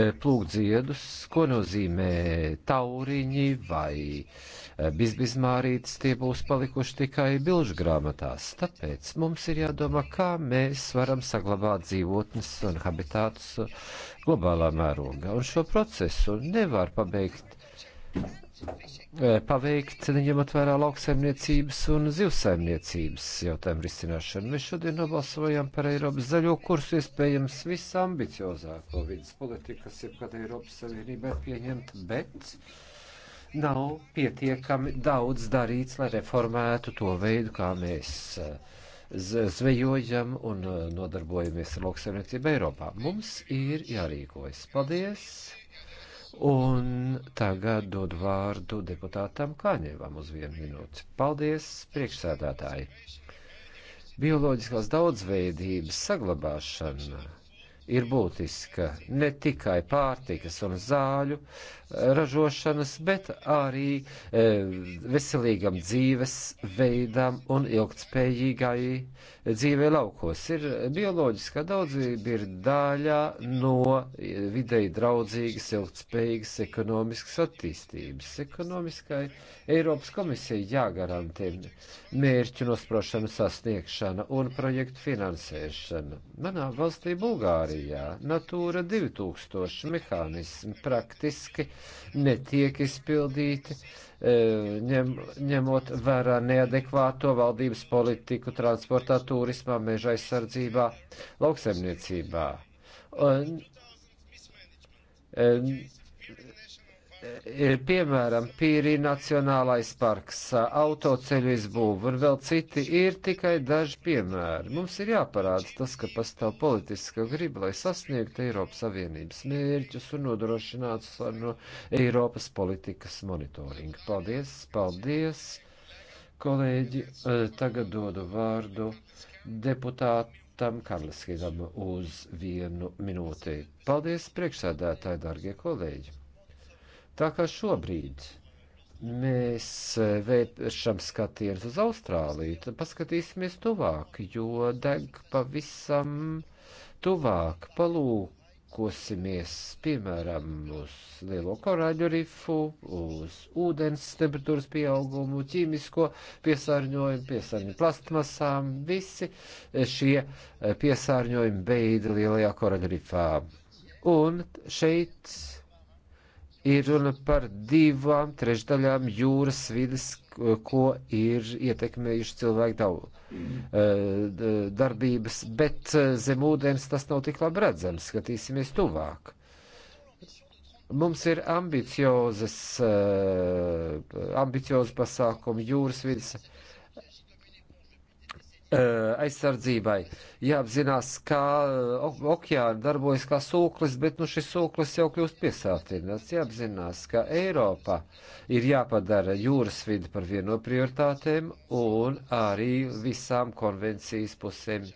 Eh, plūkt ziedus, ko nozīmē tauriņi vai eh, bizbizmārītes, tie būs palikuši tikai bilžu grāmatās. Tāpēc mums ir jādomā, kā mēs varam saglabāt dzīvotnes un habitātus globālā mērogā. Un šo procesu nevar pabeigt Eh, paveikt, neņemot vērā lauksaimniecības un zivsaimniecības jautājumu risināšanu. Mēs šodien nobalsojam par Eiropas zaļo kursu, iespējams, visambiciozāko vidas politiku, kas jebkad Eiropas Savienībā ir pieņemta, bet nav pietiekami daudz darīts, lai reformētu to veidu, kā mēs eh, zvejojam un eh, nodarbojamies ar lauksaimniecību Eiropā. Mums ir jārīkojas. Paldies! Un tagad dod vārdu deputātam Kāņevam uz vienu minūti. Paldies, priekšsēdētāji! Bioloģiskās daudzveidības saglabāšana ir būtiska ne tikai pārtikas un zāļu ražošanas, bet arī e, veselīgam dzīves veidam un ilgtspējīgai dzīvē laukos. Ir bioloģiskā daudzība ir daļa no videi draudzīgas, ilgtspējīgas ekonomiskas attīstības. Ekonomiskai Eiropas komisija jāgarantē mērķu nosprošanu sasniegšana un projektu finansēšana. Manā valstī Bulgārijā Natūra 2000 mehānismi praktiski netiek izpildīti, e, ņem, ņemot vērā neadekvāto valdības politiku transportā, turismā, meža aizsardzībā, lauksaimniecībā. Un, un, e, piemēram, Pīrī Nacionālais parks, autoceļu izbūve un vēl citi ir tikai daži piemēri. Mums ir jāparāda tas, ka pastāv politiska griba, lai sasniegtu Eiropas Savienības mērķus un nodrošinātu no Eiropas politikas monitoringu. Paldies, paldies, kolēģi. Eh, tagad dodu vārdu deputātam Karliskidam uz vienu minūti. Paldies, priekšsēdētāji, dargie kolēģi! Tā kā šobrīd mēs e, vēršam skatienus uz Austrāliju, tad paskatīsimies tuvāk, jo deg pavisam tuvāk palūkosimies, piemēram, uz lielo korāļu rifu, uz ūdens temperatūras pieaugumu, ķīmisko piesārņojumu, piesārņojumu plastmasām. Visi šie e, piesārņojumi beida lielajā korāļu rifā. Un šeit ir runa par divām trešdaļām jūras vidas, ko ir ietekmējuši cilvēku daudz eh, darbības, bet eh, zem ūdens tas nav tik labi redzams. Skatīsimies tuvāk. Mums ir ambiciozas, eh, ambiciozi pasākumi jūras vidas Eh, aizsardzībai. Jāapzinās, kā eh, okeāna darbojas kā sūklis, bet nu šis sūklis jau kļūst piesātināts. Jāapzinās, ka Eiropa ir jāpadara jūras vidi par vienu no prioritātēm un arī visām konvencijas pusēm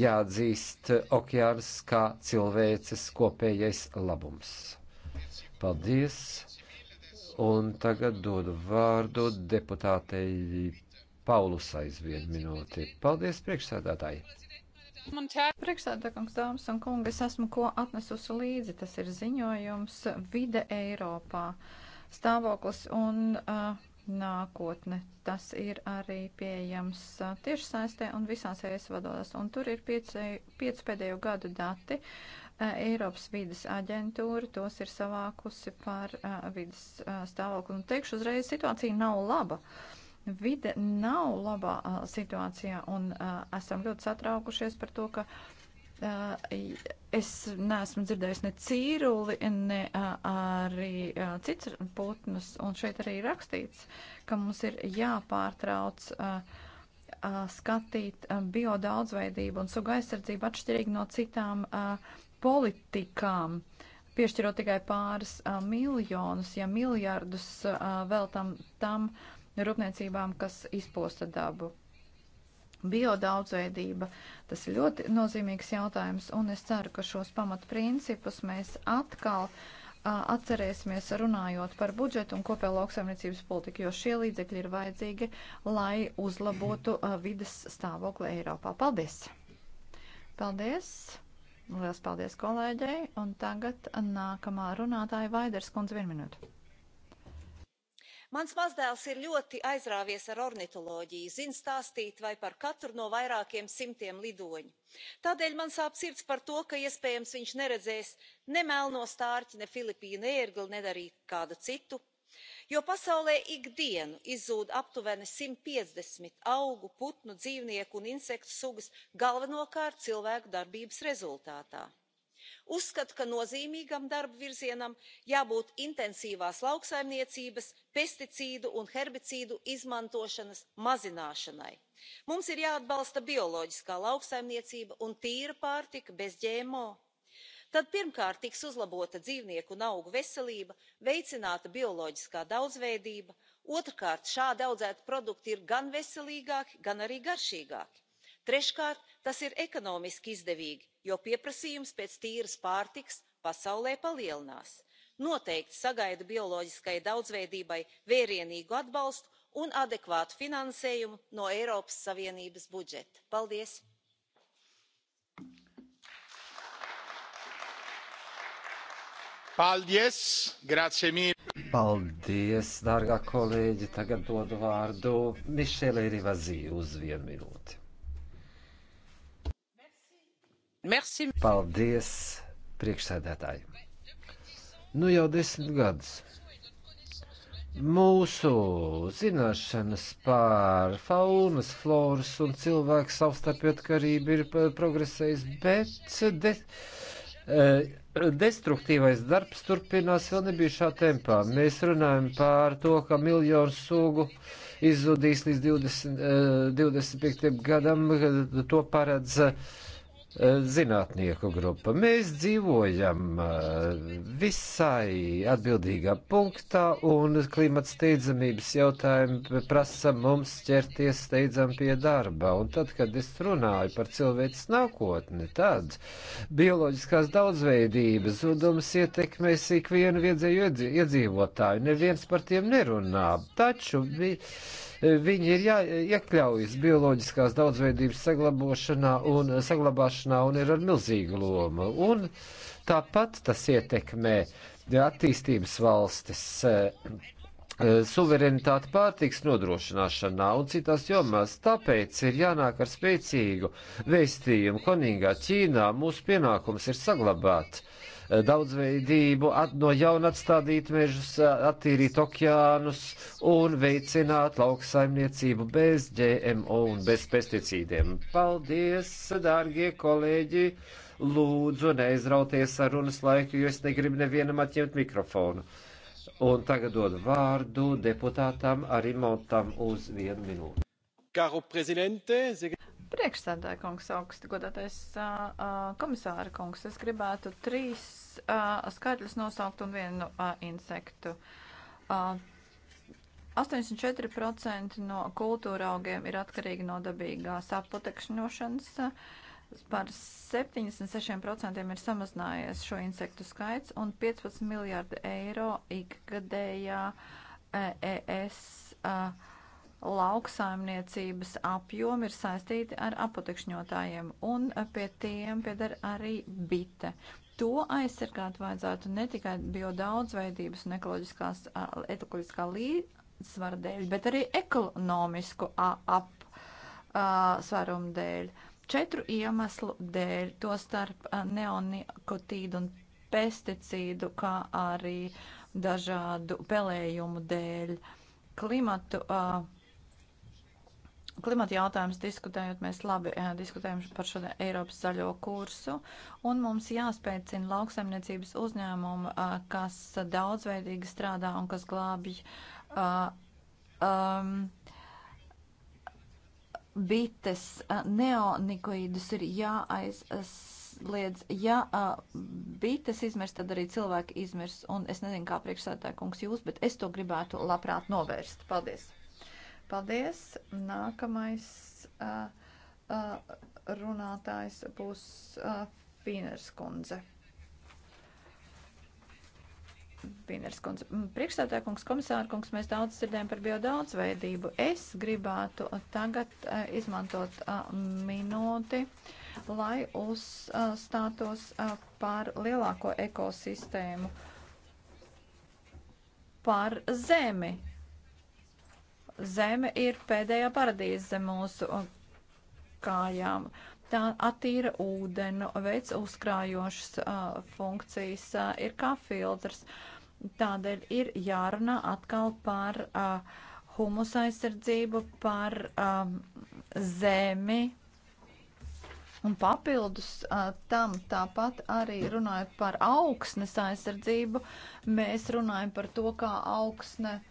jāatzīst okeāns kā cilvēces kopējais labums. Paldies! Un tagad dodu vārdu deputātei Paulus aizvien minūti. Paldies, priekšsēdētāji! Priekšsēdētājs, dāmas un kungi, es esmu ko atnesusi līdzi. Tas ir ziņojums vide Eiropā, stāvoklis un uh, nākotne. Tas ir arī pieejams uh, tiešsaistē un visās ES vadodās. Un tur ir pieci piec pēdējo gadu dati. Uh, Eiropas vidas aģentūra tos ir savākusi par uh, vidas uh, stāvokli. Un teikšu uzreiz, situācija nav laba. Uh, Vide nav labā a, situācijā un a, esam ļoti satraukušies par to, ka a, es neesmu dzirdējis ne cīruli, ne a, arī a, cits putnus. Un šeit arī rakstīts, ka mums ir jāpārtrauc. A, skatīt biodaudzveidību un suga aizsardzību atšķirīgi no citām uh, politikām, piešķirot tikai pāris uh, miljonus, ja miljardus uh, vēl tam, tam uh, rūpniecībām, kas izposta dabu. Biodaudzveidība, tas ir ļoti nozīmīgs jautājums, un es ceru, ka šos pamatprincipus mēs atkal atcerēsimies runājot par budžetu un kopējo lauksaimniecības politiku, jo šie līdzekļi ir vajadzīgi, lai uzlabotu vidas stāvokli Eiropā. Paldies! Paldies! Lielas paldies kolēģei! Un tagad nākamā runātāja Vaiders kundze vienu minūtu mans mazdēls ir ļoti aizrāvies ar ornitoloģiju zina stāstīt vai par katru no vairākiem simtiem lidoņu. tādēļ man sāp sirds par to ka iespējams viņš neredzēs ne melno stārķi ne filipīnu ērgli ne arī kādu citu jo pasaulē ik dienu izzūd aptuveni simt piecdesmit augu putnu dzīvnieku un insektu sugas galvenokārt cilvēku darbības rezultātā uzskata ka nozīmīgam darba virzienam jābūt intensīvās lauksaimniecības pesticīdu un herbicīdu izmantošanas mazināšanai. mums ir jāatbalsta bioloģiskā lauksaimniecība un tīra pārtika bez gmo. tad pirmkārt tiks uzlabota dzīvnieku un augu veselība veicināta bioloģiskā daudzveidība otrkārt šādi audzēti produkti ir gan veselīgāki gan arī garšīgāki treškārt tas ir ekonomiski izdevīgi jo pieprasījums pēc tīras pārtikas pasaulē palielinās. noteikti sagaidu bioloģiskajai daudzveidībai vērienīgu atbalstu un adekvātu finansējumu no eiropas savienības budžeta. paldies! Paldies! Grazie mille! Paldies, dārgā kolēģi! Tagad dodu vārdu Mišelei Rivazī uz vienu minūti. Merci. Paldies, priekšsēdētāji. Nu jau desmit gadus. Mūsu zināšanas par faunas, floras un cilvēku savstarpētkarību ir progresējis, bet de, eh, destruktīvais darbs turpinās vēl nebijušā tempā. Mēs runājam par to, ka miljonu sugu izzudīs līdz 20, 25. Eh, gadam, to paredz. Uh, zinātnieku grupa. Mēs dzīvojam eh, visai atbildīgā punktā, un klimata steidzamības jautājumi prasa mums ķerties steidzam pie darba. Un tad, kad es runāju par cilvēces nākotni, tad bioloģiskās daudzveidības zudums ietekmēs ikvienu viedzēju iedzīvotāju. Neviens par tiem nerunā. Taču bija Viņi ir jāiekļaujas bioloģiskās daudzveidības saglabāšanā un, saglabāšanā un ir ar milzīgu lomu. Un tāpat tas ietekmē attīstības valstis eh, eh, suverenitāti pārtiks nodrošināšanā un citās jomās. Tāpēc ir jānāk ar spēcīgu vēstījumu Koningā Ķīnā. Mūsu pienākums ir saglabāt uh, Eh, daudzveidību, at, no jauna atstādīt mežus, eh, attīrīt okeānus un veicināt lauksaimniecību bez GMO un bez pesticīdiem. Paldies, dārgie kolēģi! Lūdzu, neizrauties ar runas laiku, jo es negribu nevienam atņemt mikrofonu. Un tagad dodu vārdu deputātam Arimontam uz vienu minūti. Karo prezidente, priekšsēdētāja kungs, augstu godātais komisāra kungs, es gribētu trīs uh, skaitļus nosaukt un vienu uh, insektu. Uh, 84% no kultūra augiem ir atkarīgi no dabīgās apputekšņošanas. Par 76% ir samazinājies šo insektu skaits un 15 miljārdi eiro ikgadējā ES lauksaimniecības apjomi ir saistīti ar aputekšņotājiem un pie tiem piedar arī bite. To aizsargāt vajadzētu ne tikai bio daudzveidības un ekoloģiskās, ekoloģiskā līdzsvara dēļ, bet arī ekonomisku apsvarumu dēļ. Četru iemeslu dēļ, to starp neonikotīdu un pesticīdu, kā arī dažādu pelējumu dēļ, klimatu uh, Klimata jautājums diskutējot, mēs labi jā, eh, diskutējam par šo Eiropas zaļo kursu, un mums jāspēcina lauksaimniecības uzņēmumu, eh, kas daudzveidīgi strādā un kas glābj uh, um, bites, neonikoīdus ir jāaiz liedz, ja uh, bites izmirs, tad arī cilvēki izmirs. Un es nezinu, kā priekšsēdētāji kungs jūs, bet es to gribētu labprāt novērst. Paldies! Paldies! Nākamais uh, uh, runātājs būs uh, Pīners Kundze. Pīners Kundze, mm, priekšstādāja kungs, komisāra kungs, mēs daudz dzirdējam par biodaudzveidību. Es gribētu tagad uh, izmantot uh, minūti, lai uzstātos uh, uh, par lielāko ekosistēmu, par zemi zeme ir pēdējā paradīze zem mūsu kājām. Tā attīra ūdenu, veic uzkrājošas uh, funkcijas, uh, ir kā filtrs. Tādēļ ir jārunā atkal par uh, humus aizsardzību, par um, zemi. Un papildus uh, tam tāpat arī runājot par augsnes aizsardzību, mēs runājam par to, kā augsne uh,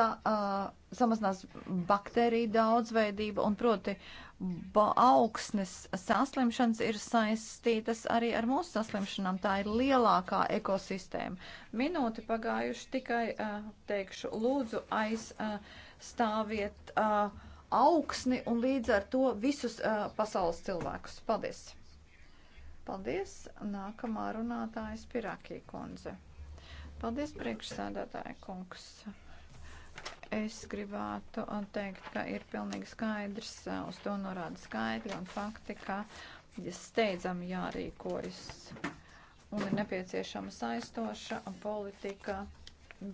sa, uh, samazinās baktēriju daudzveidība un proti augsnes saslimšanas ir saistītas arī ar mūsu saslimšanām. Tā ir lielākā ekosistēma. Minūti pagājuši tikai, uh, teikšu, lūdzu aizstāviet uh, uh, augsni un līdz ar to visus uh, pasaules cilvēkus. Paldies! Paldies! Nākamā runātāja Spirakī kundze. Paldies, priekšsēdētāja kungs! Es gribētu uh, teikt, ka ir pilnīgi skaidrs, uh, uz to norāda skaidri un fakti, ka ja steidzami jārīkojas un ir nepieciešama saistoša politika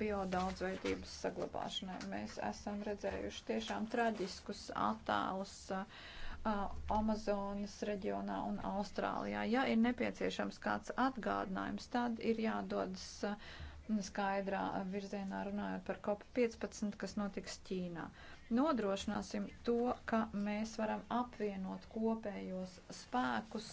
biodaudzveidības saglabāšanai. Mēs esam redzējuši tiešām traģiskus attēlus uh, Amazonas reģionā un Austrālijā. Ja ir nepieciešams kāds atgādinājums, tad ir jādodas. A, skaidrā virzienā runājot par COP15, kas notiks Ķīnā. Nodrošināsim to, ka mēs varam apvienot kopējos spēkus,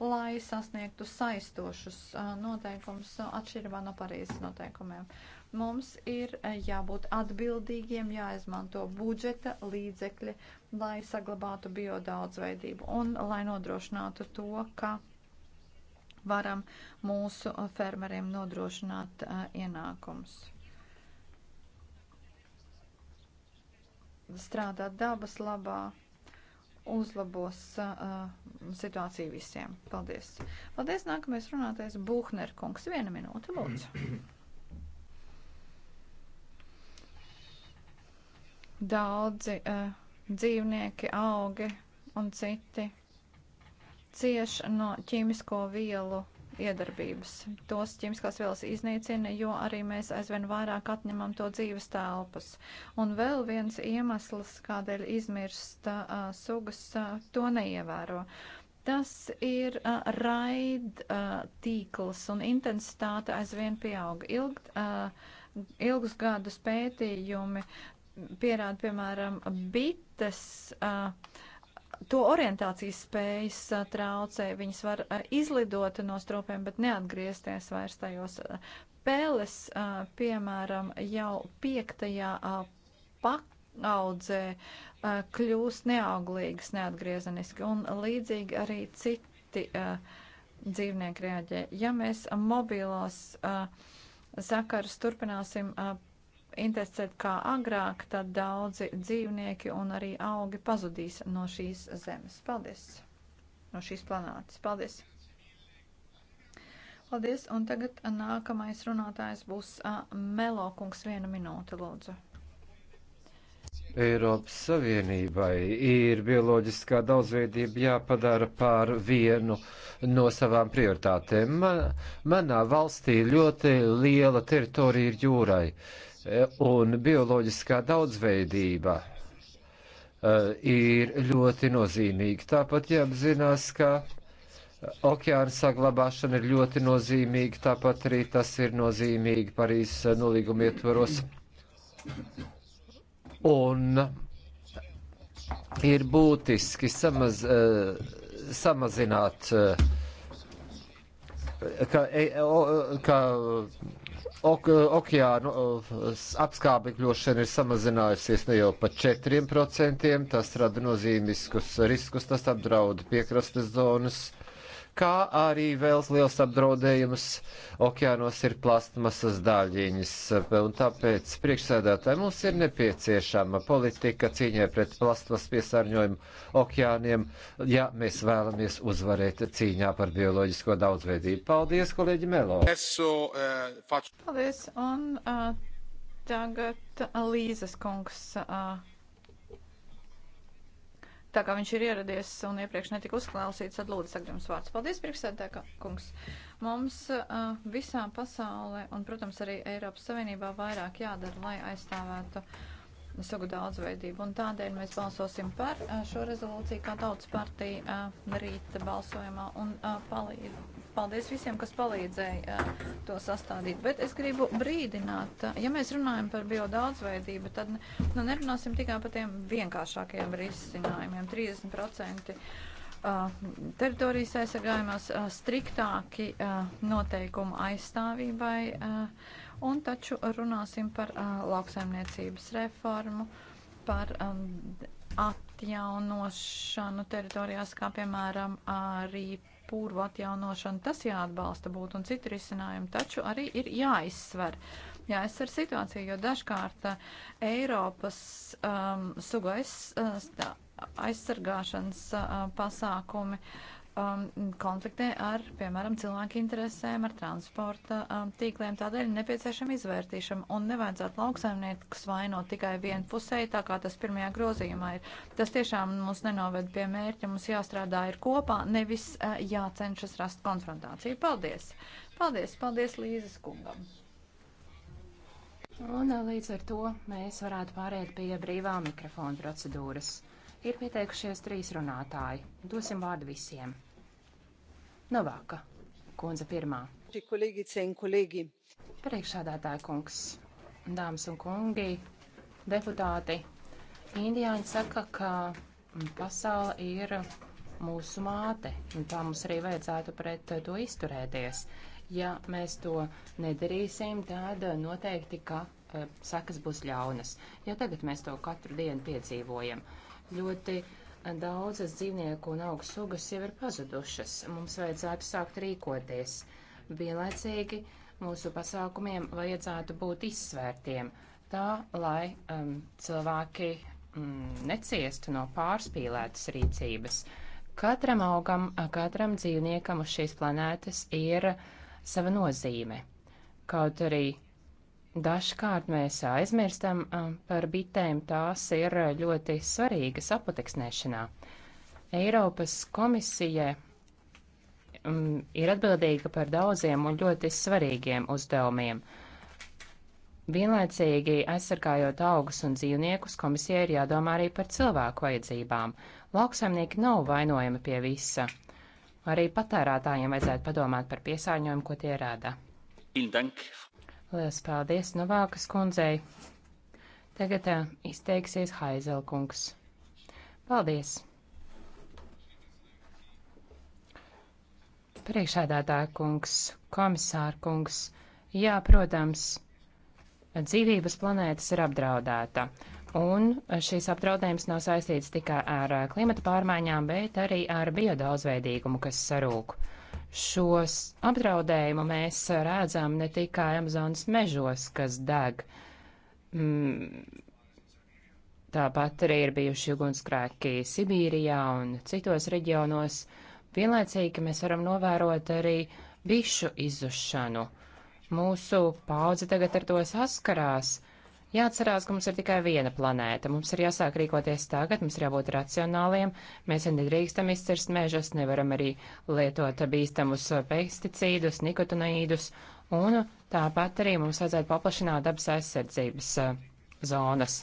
lai sasniegtu saistošus noteikumus atšķirībā no Parīzes noteikumiem. Mums ir jābūt atbildīgiem, jāizmanto budžeta līdzekļi, lai saglabātu biodaudzveidību un lai nodrošinātu to, ka varam mūsu fermeriem nodrošināt eh, ienākums. Strādāt dabas labā uzlabos uh, situāciju visiem. Paldies. Paldies. Nākamais runātais Buhner kungs. Viena minūte, lūdzu. Daudzi uh, dzīvnieki, augi un citi cieš no ķīmisko vielu iedarbības. Tos ķīmiskās vielas iznīcina, jo arī mēs aizvien vairāk atņemam to dzīves telpas. Un vēl viens iemesls, kādēļ izmirst uh, sugas, uh, to neievēro. Tas ir uh, raid uh, tīkls un intensitāte aizvien pieauga. Ilg, uh, ilgus gadus pētījumi pierāda, piemēram, bites. Uh, to orientācijas spējas traucē. Viņas var izlidot no stropiem, bet neatgriezties vairs tajos. Pēles, piemēram, jau piektajā pakaudzē kļūst neauglīgas, neatgriezeniski, un līdzīgi arī citi dzīvnieki reaģē. Ja mēs mobilos sakarus turpināsim intesēt kā agrāk, tad daudzi dzīvnieki un arī augi pazudīs no šīs zemes. Paldies! No šīs planētas. Paldies! Paldies! Un tagad nākamais runātājs būs Melo kungs. Vienu minūti, lūdzu. Eiropas Savienībai ir bioloģiskā daudzveidība jāpadara par vienu no savām prioritātēm. Man, manā valstī ļoti liela teritorija ir jūrai. Eh, un bioloģiskā daudzveidība eh, ir ļoti nozīmīga. Tāpat jāapzinās, ka Okeāna saglabāšana ir ļoti nozīmīga, tāpat arī tas ir nozīmīgi Parīzes eh, nolīguma ietvaros. Un ir būtiski samaz, samazināt, ka, e, ka ok, okeānu eh, apskābekļošana ir samazinājusies ne jau pa 4%, tas rada nozīmiskus riskus, tas apdraud piekrastes zonas kā arī vēl liels apdraudējums okeānos ir plastmasas daļiņas. Un tāpēc priekšsēdētāji mums ir nepieciešama politika cīņai pret plastmasas piesārņojumu okeāniem, ja mēs vēlamies uzvarēt cīņā par bioloģisko daudzveidību. Paldies, kolēģi Melo! Eh, Paldies, un uh, tagad Līzes kungs. Uh, tā kā viņš ir ieradies un iepriekš netika uzklausīts, tad lūdzu sagrams vārds. Paldies, priekšsēdētā kungs. Mums uh, visā pasaulē un, protams, arī Eiropas Savienībā vairāk jādara, lai aizstāvētu sugu daudzveidību. Un tādēļ mēs balsosim par uh, šo rezolūciju kā tautas partija uh, rīta balsojumā un uh, palīdzību Paldies visiem, kas palīdzēja to sastādīt. Bet es gribu brīdināt, ja mēs runājam par biodaudzveidību, tad nu, nerunāsim tikai par tiem vienkāršākajiem risinājumiem. 30% teritorijas aizsargājumās striktāki noteikumu aizstāvībai, un taču runāsim par lauksaimniecības reformu, par atjaunošanu teritorijās, kā piemēram arī purvu atjaunošanu, tas jāatbalsta būtu un citi risinājumi, taču arī ir jāizsver. Jāizsver situācija, jo dažkārt uh, Eiropas um, sugu aiz, uh, aizsargāšanas uh, pasākumi uh, um, konfliktē ar, piemēram, cilvēku interesēm, ar transporta um, tīkliem. Tādēļ ir nepieciešama izvērtīšana un nevajadzētu lauksaimniekus vainot tikai vienpusēji, tā kā tas pirmajā grozījumā ir. Tas tiešām mūs nenoved pie mērķa, mums jāstrādā ir kopā, nevis uh, jācenšas rast konfrontāciju. Paldies! Paldies, paldies Līzes kungam! Un uh, līdz ar to mēs varētu pāriet pie brīvā mikrofona procedūras. Ir pieteikušies trīs runātāji. Dosim vārdu visiem. Novāka nu kundze pirmā. Priekšādātāja kungs, dāmas un kungi, deputāti. Indiāņi saka, ka pasaule ir mūsu māte, un tā mums arī vajadzētu pret to izturēties. Ja mēs to nedarīsim, tad noteikti, ka eh, sekas būs ļaunas. Ja tagad mēs to katru dienu piedzīvojam, ļoti uh, daudzas dzīvnieku un augu sugas jau ir pazudušas. Mums vajadzētu sākt rīkoties. Vienlaicīgi mūsu pasākumiem vajadzētu būt izsvērtiem, tā lai um, cilvēki mm, neciestu no pārspīlētas rīcības. Katram augam, katram dzīvniekam uz šīs planētas ir sava nozīme. Kaut arī Dažkārt mēs aizmirstam par bitēm, tās ir ļoti svarīgas apateksnēšanā. Eiropas komisija ir atbildīga par daudziem un ļoti svarīgiem uzdevumiem. Vienlaicīgi aizsargājot augus un dzīvniekus, komisija ir jādomā arī par cilvēku vajadzībām. Lauksaimnieki nav vainojami pie visa. Arī patērētājiem vajadzētu padomāt par piesārņojumu, ko tie rāda. Dank, Lielas paldies Novākas kundzei. Tagad tā, izteiksies Haizelkungs. Paldies! Priekšādātāja kungs, komisāra kungs, jā, protams, dzīvības planētas ir apdraudēta. Un šīs apdraudējums nav saistīts tikai ar klimata pārmaiņām, bet arī ar biodaudzveidīgumu, kas sarūk. Uh, Šos apdraudējumu mēs redzam ne tikai Amazonas mežos, kas deg. Mm, tāpat arī ir bijuši ugunsgrēki Sibīrijā un citos reģionos. Vienlaicīgi mēs varam novērot arī bišu izušanu. Mūsu paudze tagad ar to saskarās. Jāatcerās, ka mums ir tikai viena planēta. Mums ir jāsāk rīkoties tagad, mums ir jābūt racionāliem. Mēs jau nedrīkstam izcirst mežus, nevaram arī lietot bīstamus pesticīdus, nikotinoīdus. Un tāpat arī mums vajadzētu paplašināt dabas aizsardzības eh, zonas.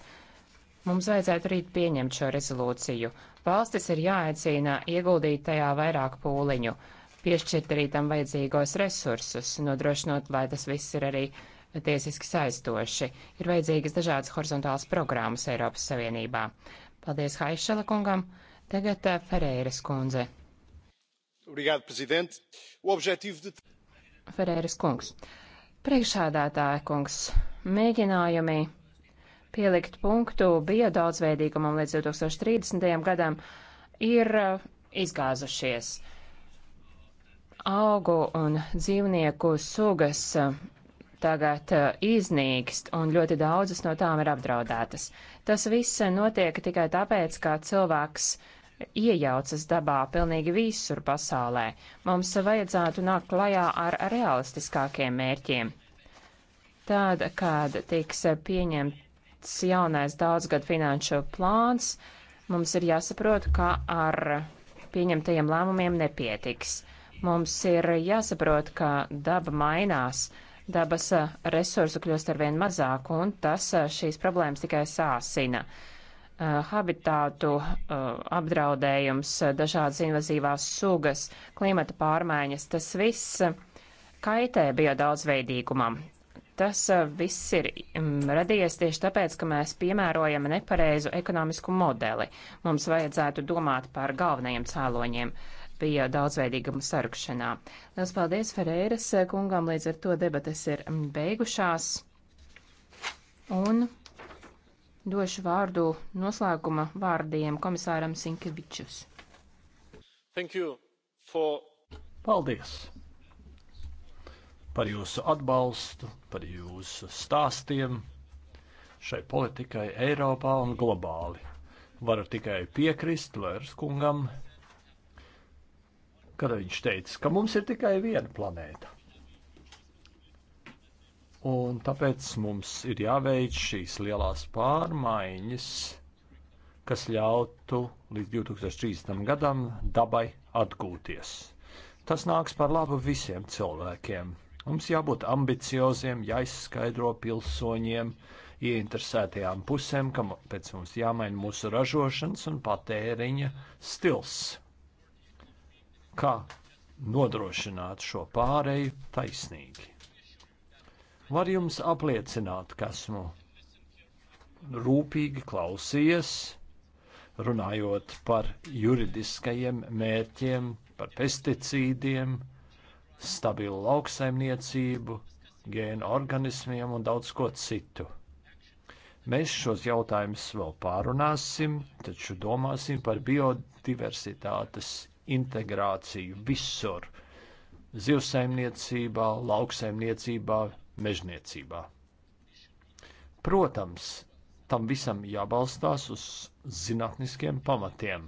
Mums vajadzētu rīt pieņemt šo rezolūciju. Valstis ir jāaicina ieguldīt tajā vairāk pūliņu, piešķirt arī tam vajadzīgos resursus, nodrošinot, lai tas viss ir arī uh, tiesiski saistoši. Ir vajadzīgas dažādas horizontālas programmas Eiropas Savienībā. Paldies Haišela kungam. Tagad eh, Ferēras kundze. Obrigado, prezident. O objetivo de... Ferēras kungs. Priekšādātāja kungs. Mēģinājumi pielikt punktu biodaudzveidīgumam līdz 2030. gadam ir eh, izgāzušies. Augu un dzīvnieku sugas eh, tagad eh, iznīkst, un ļoti daudzas no tām ir apdraudētas. Tas viss notiek tikai tāpēc, ka cilvēks iejaucas dabā pilnīgi visur pasaulē. Mums vajadzētu nākt klajā ar realistiskākiem mērķiem. Tad, kad tiks pieņemts jaunais daudzgad finanšu plāns, mums ir jāsaprot, ka ar pieņemtajiem lēmumiem nepietiks. Mums ir jāsaprot, ka daba mainās dabas eh, resursu kļūst arvien mazāk, un tas eh, šīs problēmas tikai sāsina. Eh, habitātu apdraudējums, dažādas invazīvās sugas, klimata pārmaiņas, tas viss kaitē biodaudzveidīgumam. Tas viss ir mm, radies tieši tāpēc, ka mēs piemērojam nepareizu ekonomisku modeli. Mums vajadzētu domāt par galvenajiem cēloņiem. Uh, bija daudzveidīguma sarukšanā. Lielas paldies Ferēras kungam, līdz ar to debates ir beigušās. Un došu vārdu noslēguma vārdiem komisāram Sinkevičus. For... Paldies par jūsu atbalstu, par jūsu stāstiem šai politikai Eiropā un globāli. Varu tikai piekrist Lērs kungam kad viņš teica, ka mums ir tikai viena planēta. Un tāpēc mums ir jāveic šīs lielās pārmaiņas, kas ļautu līdz 2030. gadam dabai atgūties. Tas nāks par labu visiem cilvēkiem. Mums jābūt ambicioziem, jāizskaidro pilsoņiem, ieinteresētajām pusēm, ka pēc mums jāmaina mūsu ražošanas un patēriņa stils kā nodrošināt šo pāreju taisnīgi. Var jums apliecināt, ka esmu rūpīgi klausījies, runājot par juridiskajiem mērķiem, par pesticīdiem, stabilu lauksaimniecību, gēnu organismiem un daudz ko citu. Mēs šos jautājumus vēl pārunāsim, taču domāsim par biodiversitātes integrāciju visur - zivsaimniecībā, lauksaimniecībā, mežniecībā. Protams, tam visam jābalstās uz zinātniskiem pamatiem.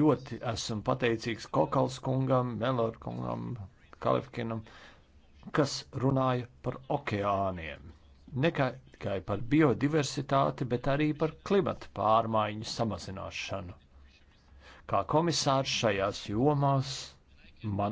Ļoti esmu pateicīgs Kokals kungam, Melor kungam, Kalifkinam, kas runāja par okeāniem. Ne tikai par biodiversitāti, bet arī par klimata pārmaiņu samazināšanu. Kā komisārs šajās jomās man